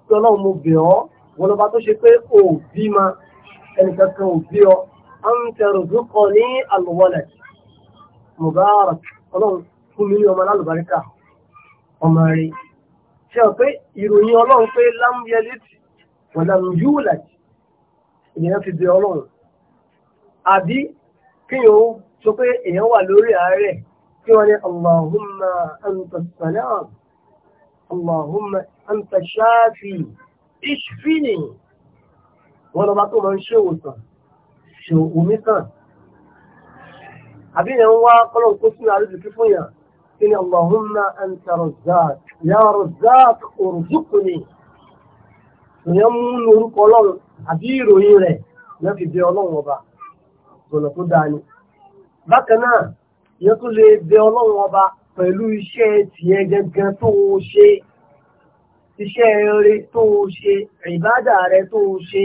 tí ọlọ́run mo bẹ̀ ọ́ wọn lọ́ba tó ṣe pé ò bí ma ẹnìkankan ò bí ọ à ń tẹrù zúkọ ní àlùwọlẹ̀ mubarak ọlọ́run fún mi ní ọmọ alálùbáríkà ọmọ rẹ ṣe ọ pé ìròyìn ọlọ́run pé lámúyẹlẹ́ wọ̀lẹ̀mùjúlẹ̀ ìyẹn fi bẹ ọlọ́run àbí kíyàn ó sọ pé èèyàn wà lórí àárẹ̀ tí wọ́n ní Allahumma anta salam Allahumma anta shafi ishfini wọ́n lọ́ba tó máa ń ṣe òwòsàn ṣe omi sàn àbí yẹn ń wá kọ́lọ̀ kó sínú àrídìkí fún yàn kí ni Allahumma anta razzaq ya razzaq urzuqni ìyẹn mú ní orúkọ ọlọ́run àbí ìròyìn rẹ̀ yẹn fi ọlọ́run ọba gbọ̀nà tó dáa ni bákan náà ìyẹn tó lè bẹ ọlọ́run ọba pẹ̀lú iṣẹ́ tìyẹn gẹ́gẹ́ tó o ṣe iṣẹ́ eré tó o ṣe ìbádà rẹ tó o ṣe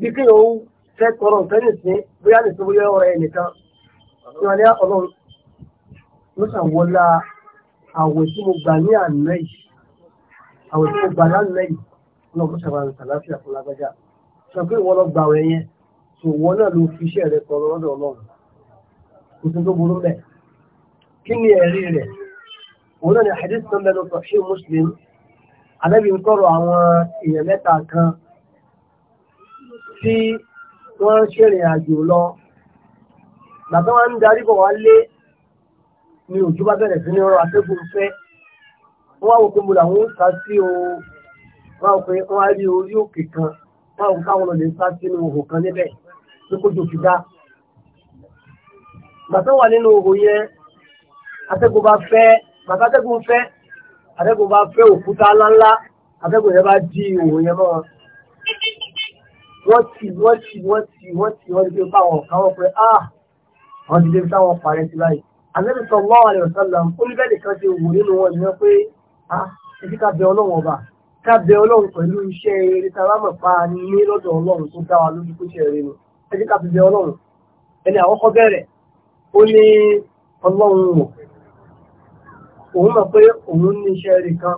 bí kí òun fẹ́ tọrọ nǹkan nìsín bóyá nìsín bóyá ọ̀rọ̀ ẹnìkan ní wọn ní ọlọ́run ló ṣàwọlá àwẹ̀ tí mo gbà ní àná yìí àwẹ̀ tí mo gbà lánàá yìí ní ọkọ̀ ṣàbàrùn tàlàfíà fún lágbájá sọ pé ìwọ lọ gbà wẹ̀ yẹn ṣòwò náà ló fi iṣẹ́ rẹ tọrọ lọ́dọ̀ ọlọ́run tuntun tó burú bẹ́ẹ̀. kí ni ẹ̀rí rẹ̀ òun náà ni hadith tó ń bẹ lọ́tọ̀ ṣé muslim anábì ń kọ́rọ̀ àwọn èèyàn mẹ́ta kan tí wọ́n ń ṣèrìn àjò lọ bàbá wa ń darí bọ̀ wá lé ni òjò bá bẹ̀rẹ̀ sí ní ọrọ̀ atẹ́gùn fẹ́ wọ́n wá wò pé mo làwọn ń sá sí o wọ́n wò pé wọ́n á rí orí òkè kan wọ́n wò káwọn lọ lè sá sínú òkò kan níbẹ̀ lókòjò fi dá bàtà wà nínú òhò yẹn atẹ́gùn bá fẹ́ bàtà atẹ́gùn fẹ́ atẹ́gùn bá fẹ́ òkúta ńláńlá atẹ́gùn yẹn bá di òhò yẹn mọ́ wọn. wọ́n ti wọ́n ti wọ́n ti wọ́n ti wọ́n ti fi báwọn káwọn pé ah wọ́n ti dé bí táwọn parẹ́ sí láyìí. àlẹ́bí sọ mọ́ àlẹ́ ọ̀sán olùbẹ́ẹ̀lì kan ti wò nínú wọn ni pé ah ẹ̀sì ká bẹ ọlọ́run ọba ká bẹ ọlọ́run pẹ̀lú iṣẹ́ eré tá a bá mọ̀ pa ní lọ́dọ̀ ọlọ́run tó dá wa lójú kó ṣe eré ni ẹ̀sì ká fi bẹ ọlọ́run ẹni àkọ́kọ́ bẹ̀rẹ̀ ó ní ọlọ́run mọ̀ òun mọ̀ pé òun ní iṣẹ́ rẹ̀ kan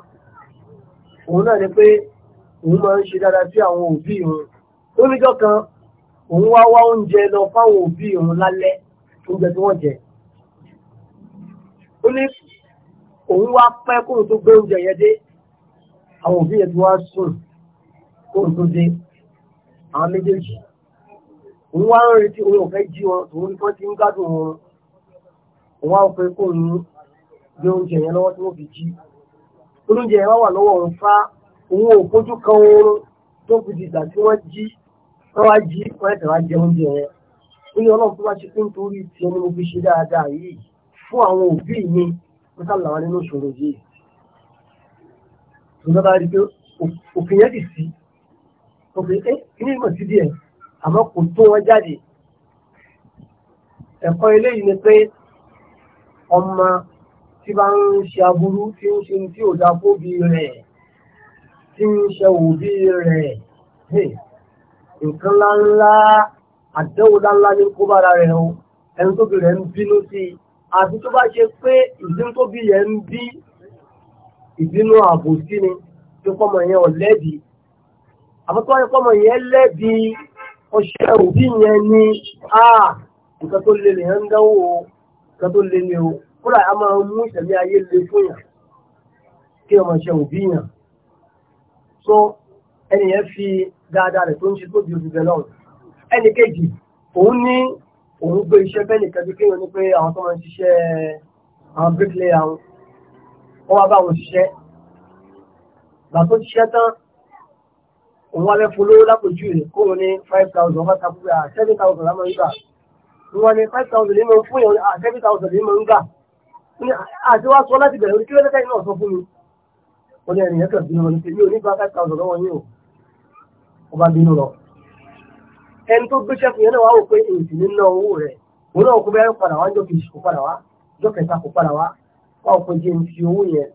òun náà ni pé òun máa ń ṣe dáadáa sí àwọn òbí òun ó níjọ́ kan òun wá wá oúnjẹ lọ fáwọn òbí òun lálẹ́ oúnjẹ tí wọ́n jẹ ó ní òun wá pẹ́ kóun tó gbé oúnjẹ yẹn dé àwọn òbí yẹn ti wá sùn kóun tó dé àwọn méjèèjì òun wá ń retí òun ò jí wọn òun ní ti ń gbádùn wọn òun wá ń fẹ́ ní gbé oúnjẹ yẹn lọ́wọ́ tí wọ́n fi jí olóúnjẹ yẹn wá wà lọ́wọ́ òun fá òun ò fojú kan oorun tó fi di ìgbà tí wọ́n jí wọ́n wá jí wọ́n ẹ̀sẹ̀ wá jẹ oúnjẹ yẹn ó ní ọlọ́run tó bá ṣe pé nítorí tí ẹni mo fi ṣe dáadáa yìí fún àwọn òbí mi mo sá làwọn nínú ìṣòro yìí ṣùgbọ́n bá rí pé òfin yẹn ti sí òfin ẹ kí ìmọ̀ sí díẹ̀ àmọ́ kò tó wọn jáde ẹ̀kọ́ eléyìí ni pé ọmọ tí bá ń ṣe aburú tí ń ṣe tí ò dáa fóbi rẹ̀ tí ń ṣe òbí rẹ̀ nǹkan ńláńlá àdéhùn ńláńlá ní kó bára rẹ̀ o ẹni tóbi rẹ̀ ń bínú sí i àti tó bá ṣe pé ìdínú tóbi rẹ̀ ń bí ìbínú ààbò sí ni tó kọ́mọ yẹn ò lẹ́bi àmọ́ tó wáyé yẹn lẹ́bi ọṣẹ òbí yẹn ní àà nǹkan tó lè nìyẹn ń dánwò nǹkan tó lè ní o kúrò a máa mú ìṣẹ̀lẹ̀ ayé le fún yàn kí ọmọ ṣe òbí yàn so ẹni yẹn fi dáadáa rẹ̀ tó ń ṣe tó di òbíbẹ̀ náà ẹni kejì òun ní òun gbé iṣẹ́ bẹ́ẹ̀ nìkan bí kéèyàn ní pé àwọn tó máa ń ṣiṣẹ́ àwọn bíríkìlẹ̀ àwọn wọ́n wá bá àwọn òṣìṣẹ́ gbà tó ṣiṣẹ́ tán òun wá fẹ́ polówó lápòjú rẹ̀ kó wọn ní five thousand wọ́n takú pé seven thousand lámọ̀ ń gbà wọn ní five thousand lè mọ fún yẹn seven thousand lè mọ ń gbà àti wá sọ láti bẹ̀rẹ̀ kí lóde náà sọ fún mi ó ní ẹnìyẹn kan bínú lọ nípa mi ò ní gba five thousand lọ́wọ́ yín o ó bá bínú lọ ẹni tó gbé sẹ́kù yẹn náà wá wò pé èyí sì ní ná owó rẹ̀ òun náà kó bẹ́ẹ̀ padà wá jọ́ kejì kó padà wá jọ́ kẹta kó padà wá wá òpin jẹ́ ń fi owó yẹn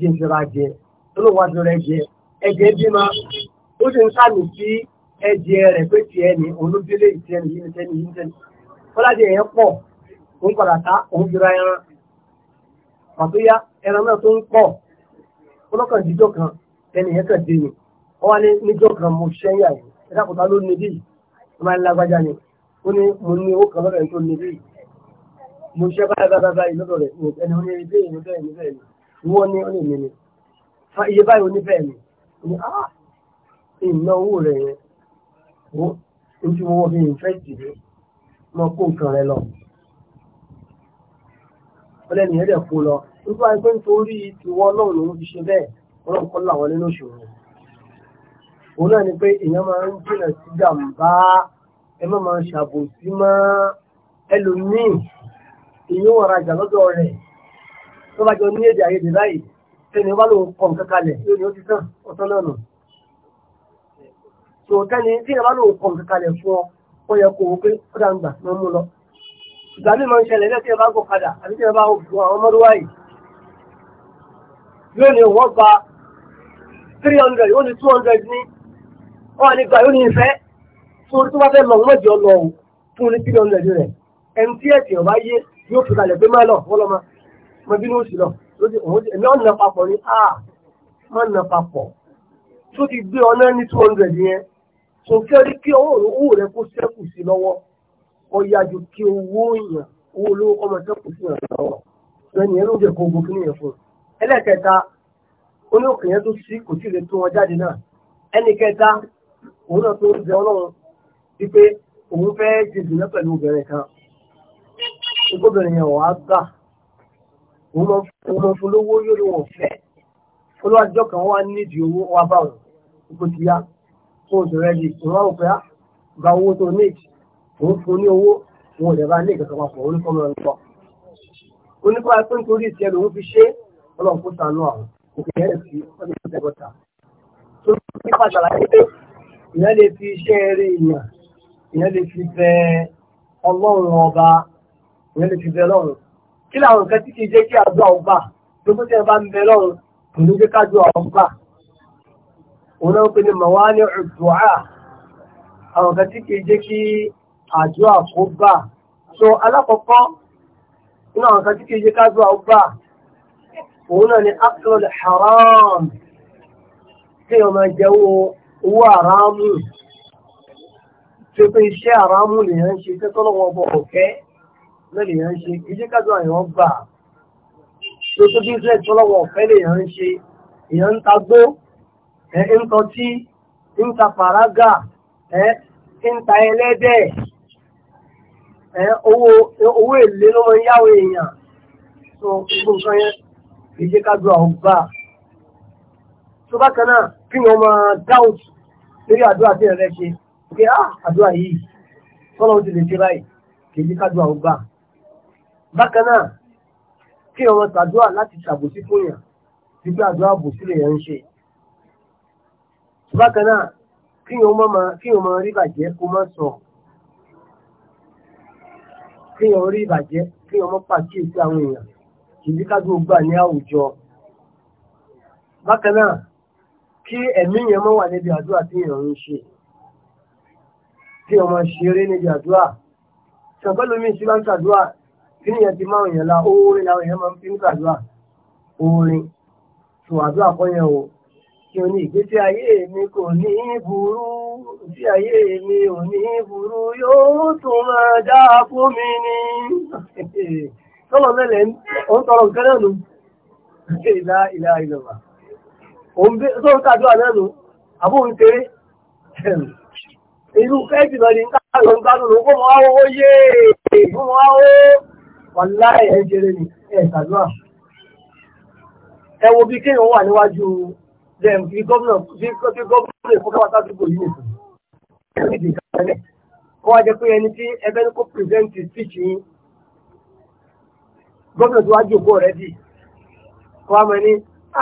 jẹ́ ń fi ra jẹ tó lóun wá fi rẹ jẹ ẹ̀jẹ̀ bí máa ó sì ń sàmì sí ẹ̀jẹ̀ rẹ̀ pé tiẹ̀ ní olóbílé ìtẹ́ni yìí ní tẹ́ni yìí ní tẹ́ni fọlájẹ yẹn pọ̀ òun padà ta òun fi ra ẹran pàtó yá ẹran náà tó ń pọ̀ ọlọ́kàn jíjọ́ kan ẹni yẹn dé ni wọ́n wá ní níjọ́ kan mo ṣẹ́yà yìí ẹ̀dá kòtà ló ní bíi wọ́n máa ń lágbájá ni ó ní mo ní owó kan lọ́dọ̀ yẹn tó ní bíi mo ṣẹ́ báyà báyà báyà lọ́dọ̀ rẹ̀ ẹni ó ní bẹ́ẹ̀ ni bẹ́ẹ̀ ni bẹ́ẹ̀ ni wọ́n ní ó ní mi ni iye báyìí ó ní bẹ́ẹ̀ ni ó ní ah ìnáwó rẹ̀ yẹn ó ń tí wọ́n fi ìfẹ́ẹ̀tì rẹ̀ mọ́ kó nǹkan rẹ̀ lọ. ọlẹ́ni ẹ̀rẹ̀ kó lọ nígbà pé nítorí tiwọ́ náà lòún fi ṣe bẹ́ẹ̀ wọ́n kọ́ làwọn nínú ìṣòro. òun náà ni pé èèyàn máa ń jìnà sí jàǹbá ẹ má máa ṣàbòsí mọ́ ẹlòmíì èèyàn wọ̀n rajà lọ́dọ̀ rẹ̀ tó bá jọ ní èdè àyèdè báyìí tẹ́ni wá lòun kọ̀ nǹkan kalẹ̀ yóò ó ti tán ọ̀tọ́ náà nù tó tẹ́ni tí ìyàbá lòun kọ̀ kalẹ̀ fún ọ ó yẹ kó o pé ó dà ń gbà mọ́ mú lọ. ìgbà mi máa ń ṣẹlẹ̀ lẹ́sẹ̀ bá gọ̀ padà àbí tí ìyàbá òfin àwọn mọ́rúwá yìí yóò ní wọ́n gba three hundred ó ní two hundred ní wọ́n ní gba yóò ní ìfẹ́ tó tó bá fẹ́ lọ mọ́jọ lọ o fún ní three hundred rẹ̀ ẹni tí ẹ̀sìn ọba yé yóò fi kalẹ̀ pé má lọ wọ́n lọ ma mo bínú sí lọ ẹ̀mí ọ̀nà papọ̀ ni a ah, má nà papọ̀ tó ti gbé ọ náà ní two hundred yẹn so kí ọ ní kí owó rẹ kó sẹ́kù sí lọ́wọ́ ó yá ju kí owó èèyàn owó olówó kọ́ máa sẹ́kù sí ìrànlọ́wọ́ lọ́wọ́ lẹ́nu yẹn ló jẹ́ kó gbogbo kíní yẹn fún un ẹlẹ́kẹta ó ní òkè yẹn tó sí kò tí ì lè tó wọn jáde náà ẹnì kẹta òun náà tó ń bẹ ọlọ́run wípé òun fẹ́ jèjì náà pẹ̀lú obìnrin kan ìgbóbìnrin yẹn wàá gbà òun máa fún lówó yóò lè wọ̀ fẹ́ olúwàjọ́ kan wà nídìí owó wàá bá òun kò tó o sì rẹ́dì ìwọ́n wò pé á gba owó tó níìtì òun fún ní owó òun ò dẹ̀ bá ní ìkẹ́kọ̀ọ́ papọ̀ oníkọ́ mọ́ ẹ̀kọ́ oníkọ́ pé nítorí ìtì ẹ̀lú òun fi ṣe ọlọ́run kó sànú àwọn òkè ẹ̀rẹ́ sí ọdún tó tẹ̀gọ́ta tó ní pàṣàlàyé pé ìyẹn lè fi iṣẹ́ eré ìyàn ìyẹn lè fi bẹ ọlọ́run ọba ìyẹn lè fi bẹ ọlọ́run kí làwọn nǹkan tí kì í jẹ́ kí àdúrà ọgbà tó tó òun náà pè ní mawani du'a àwọn kan tí kì í jẹ́ kí àdúrà kó bà so alákọ̀ọ́kọ́ nínú àwọn kan tí kì í jẹ́ kájúà ó bà òun náà ni akl haram tí wọ́n máa jẹ owó àrámù tí ó pé iṣẹ́ àrámù lèèyàn ń ṣe tẹ́tọ́lọ́wọ́ ọbọ̀ ọ̀kẹ́ náà lèèyàn ń ṣe kì jẹ́ kájúà èèyàn bà tó tó bí ìṣẹ́ tọ́lọ́wọ́ ọ̀kẹ́ lèèyàn ń ṣe èèyàn ń tagbó ẹ ń tọ́tí ń ta fàrágà ẹ ń ta ẹlẹ́dẹ̀ ẹ owó èlé ló mọ yáwó èèyàn tó gbogbo nǹkan yẹn kì í jẹ́ ká dùn àwọn gbà. tó bákan náà kí wọ́n máa dáhùn lórí àdúrà tí ẹ̀rẹ́ ṣe pé á ah, àdúrà yìí tọ́lọ́ ti lè ṣe báyìí kì í jẹ́ ká àwọn gbà. bákan náà kí wọ́n máa tàdúrà láti ṣàbòsí fún yàn nígbà àdúrà bòsílẹ̀ yẹn ń ṣe bákan náà kí èèyàn máa rí bàjẹ́ kó má sọ kí èèyàn rí bàjẹ́ kí èèyàn máa pàkíyèsí àwọn èèyàn kì í bí kágbó gbà ní àwùjọ bákan náà kí ẹ̀mí yẹn máa wà níbi àdúrà tí èèyàn ń ṣe kí èèyàn máa ṣeré níbi àdúrà ṣàpẹ́lú mi ṣe bá ń ṣàdúrà kí nìyẹn ti máa èèyàn la oore làwọn èèyàn máa ń fi ń ṣàdúrà oore ṣùgbọ́n àdúrà kọ́ yẹn o ṣe ní ìgbésí ayé mi kò ní burú ìgbésí ayé mi ò ní burú yóò tún máa dá fún mi ní tọ́lọ̀ mẹ́lẹ̀ òun tọrọ nǹkan náà nù ìlà ìlà ìlọ̀wà òun bẹ́ tó ń kàdúrà náà nù àbó ń tẹ́rẹ́ ìlú fẹ́ẹ̀tì lọ ní káàlọ̀ ń gbádùn ó mọ́ áwọ́ ó yé ó mọ́ áwọ́ wà láì ẹ̀ jẹrẹ ní ẹ̀ kàdúrà ẹ wo bí kéèyàn wà níwájú dẹ̀ ń fi gómìnà fi kọ́tí gómìnà ìfowópamọ́ sásìkò yìí nìkan ẹni tí ìka ẹlẹ́ kó wá jẹ́ pé ẹni tí ẹgbẹ́ ní kó pírẹsẹ́ǹtì speech yín gómìnà tó wá jòkó rẹ̀ dì kó wá mọ̀ ní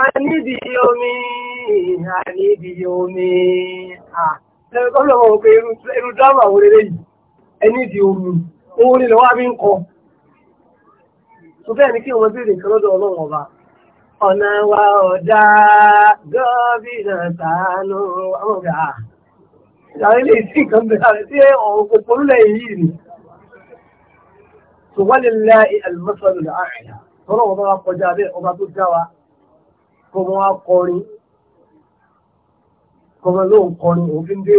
àníbi omi àníbi omi ẹ̀rọ gómìnà mọ̀ pé irú dírámà wo lélẹ́ yìí ẹni di omi owó nílẹ̀ wá bí ń kọ. tó bẹ́ẹ̀ ni kí wọ́n béèrè nǹkan lọ́dọ̀ ọlọ́run ọba ọ̀nà wa ọ̀dá gọ́ọ̀bìnà sàánú àmọ́gà àwọn ilé ìsìn kan bẹ̀rẹ̀ sí ọ̀rọ̀ kòkòrò lẹ́yìn yìí ni tó wálé láì alìmọ́sọ̀lù àárín tọ́rọ ọba wa kọjá bẹ́ẹ̀ ọba tó dá wa kó mọ́ wa kọrin kó mọ́ lóun kọrin òun fi ní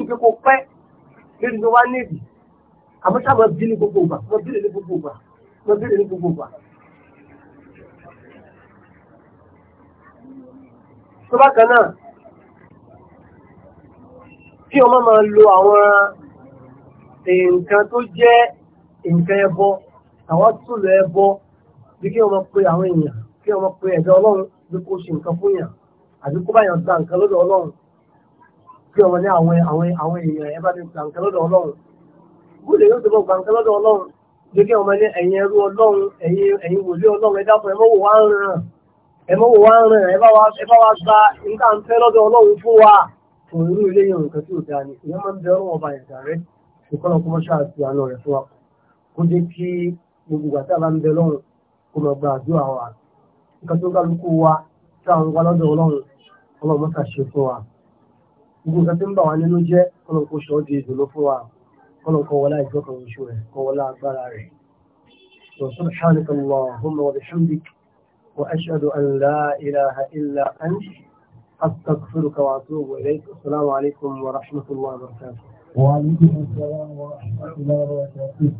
ìgbé kó lórí tó wá níbi àmọ́ sábà bí ní gbogbo ìgbà mo bí ní gbogbo ìgbà mo bí ní gbogbo ìgbà. tó bá kan náà kí ọmọ máa lo àwọn nǹkan tó jẹ́ nǹkan ẹbọ àwọn túlù ẹbọ bí kí wọ́n pe àwọn èèyàn kí wọ́n pe ẹ̀dá ọlọ́run bí kò ṣe nǹkan fún yàn àbí kó bá yàn gba nǹkan lọ́dọ̀ ọlọ́run kí ọmọdé àwọn àwọn èèyàn ẹ bá ti lọ́dọ̀ ọlọ́run bó lè yóò tó bọ̀ gbà lọ́dọ̀ ọlọ́run jẹ́ kí ọmọdé ẹ̀yin ẹrú ọlọ́run ẹ̀yin ẹ̀yin ọlọ́run ẹ fún wa gbogbo ìgbà ń bẹ lọ́run kó lọ gba àdúrà wa nǹkan tó kálukú wa ń wá lọ́dọ̀ ọlọ́run ọlọ́run mọ́ṣá ṣe fún wa gbogbo nǹkan tó ń bà wá nínú jẹ́ kọ́nà kó ṣọ́ di ìdùnnú fún wa kọ́nà kọ́ wọlá ìjọkan oṣù rẹ̀ kọ́ wọlá agbára rẹ̀ سبحانك اللهم وبحمدك وأشهد أن لا إله إلا أنت أستغفرك وأتوب إليك السلام عليكم ورحمة الله وبركاته وعليكم السلام ورحمة الله وبركاته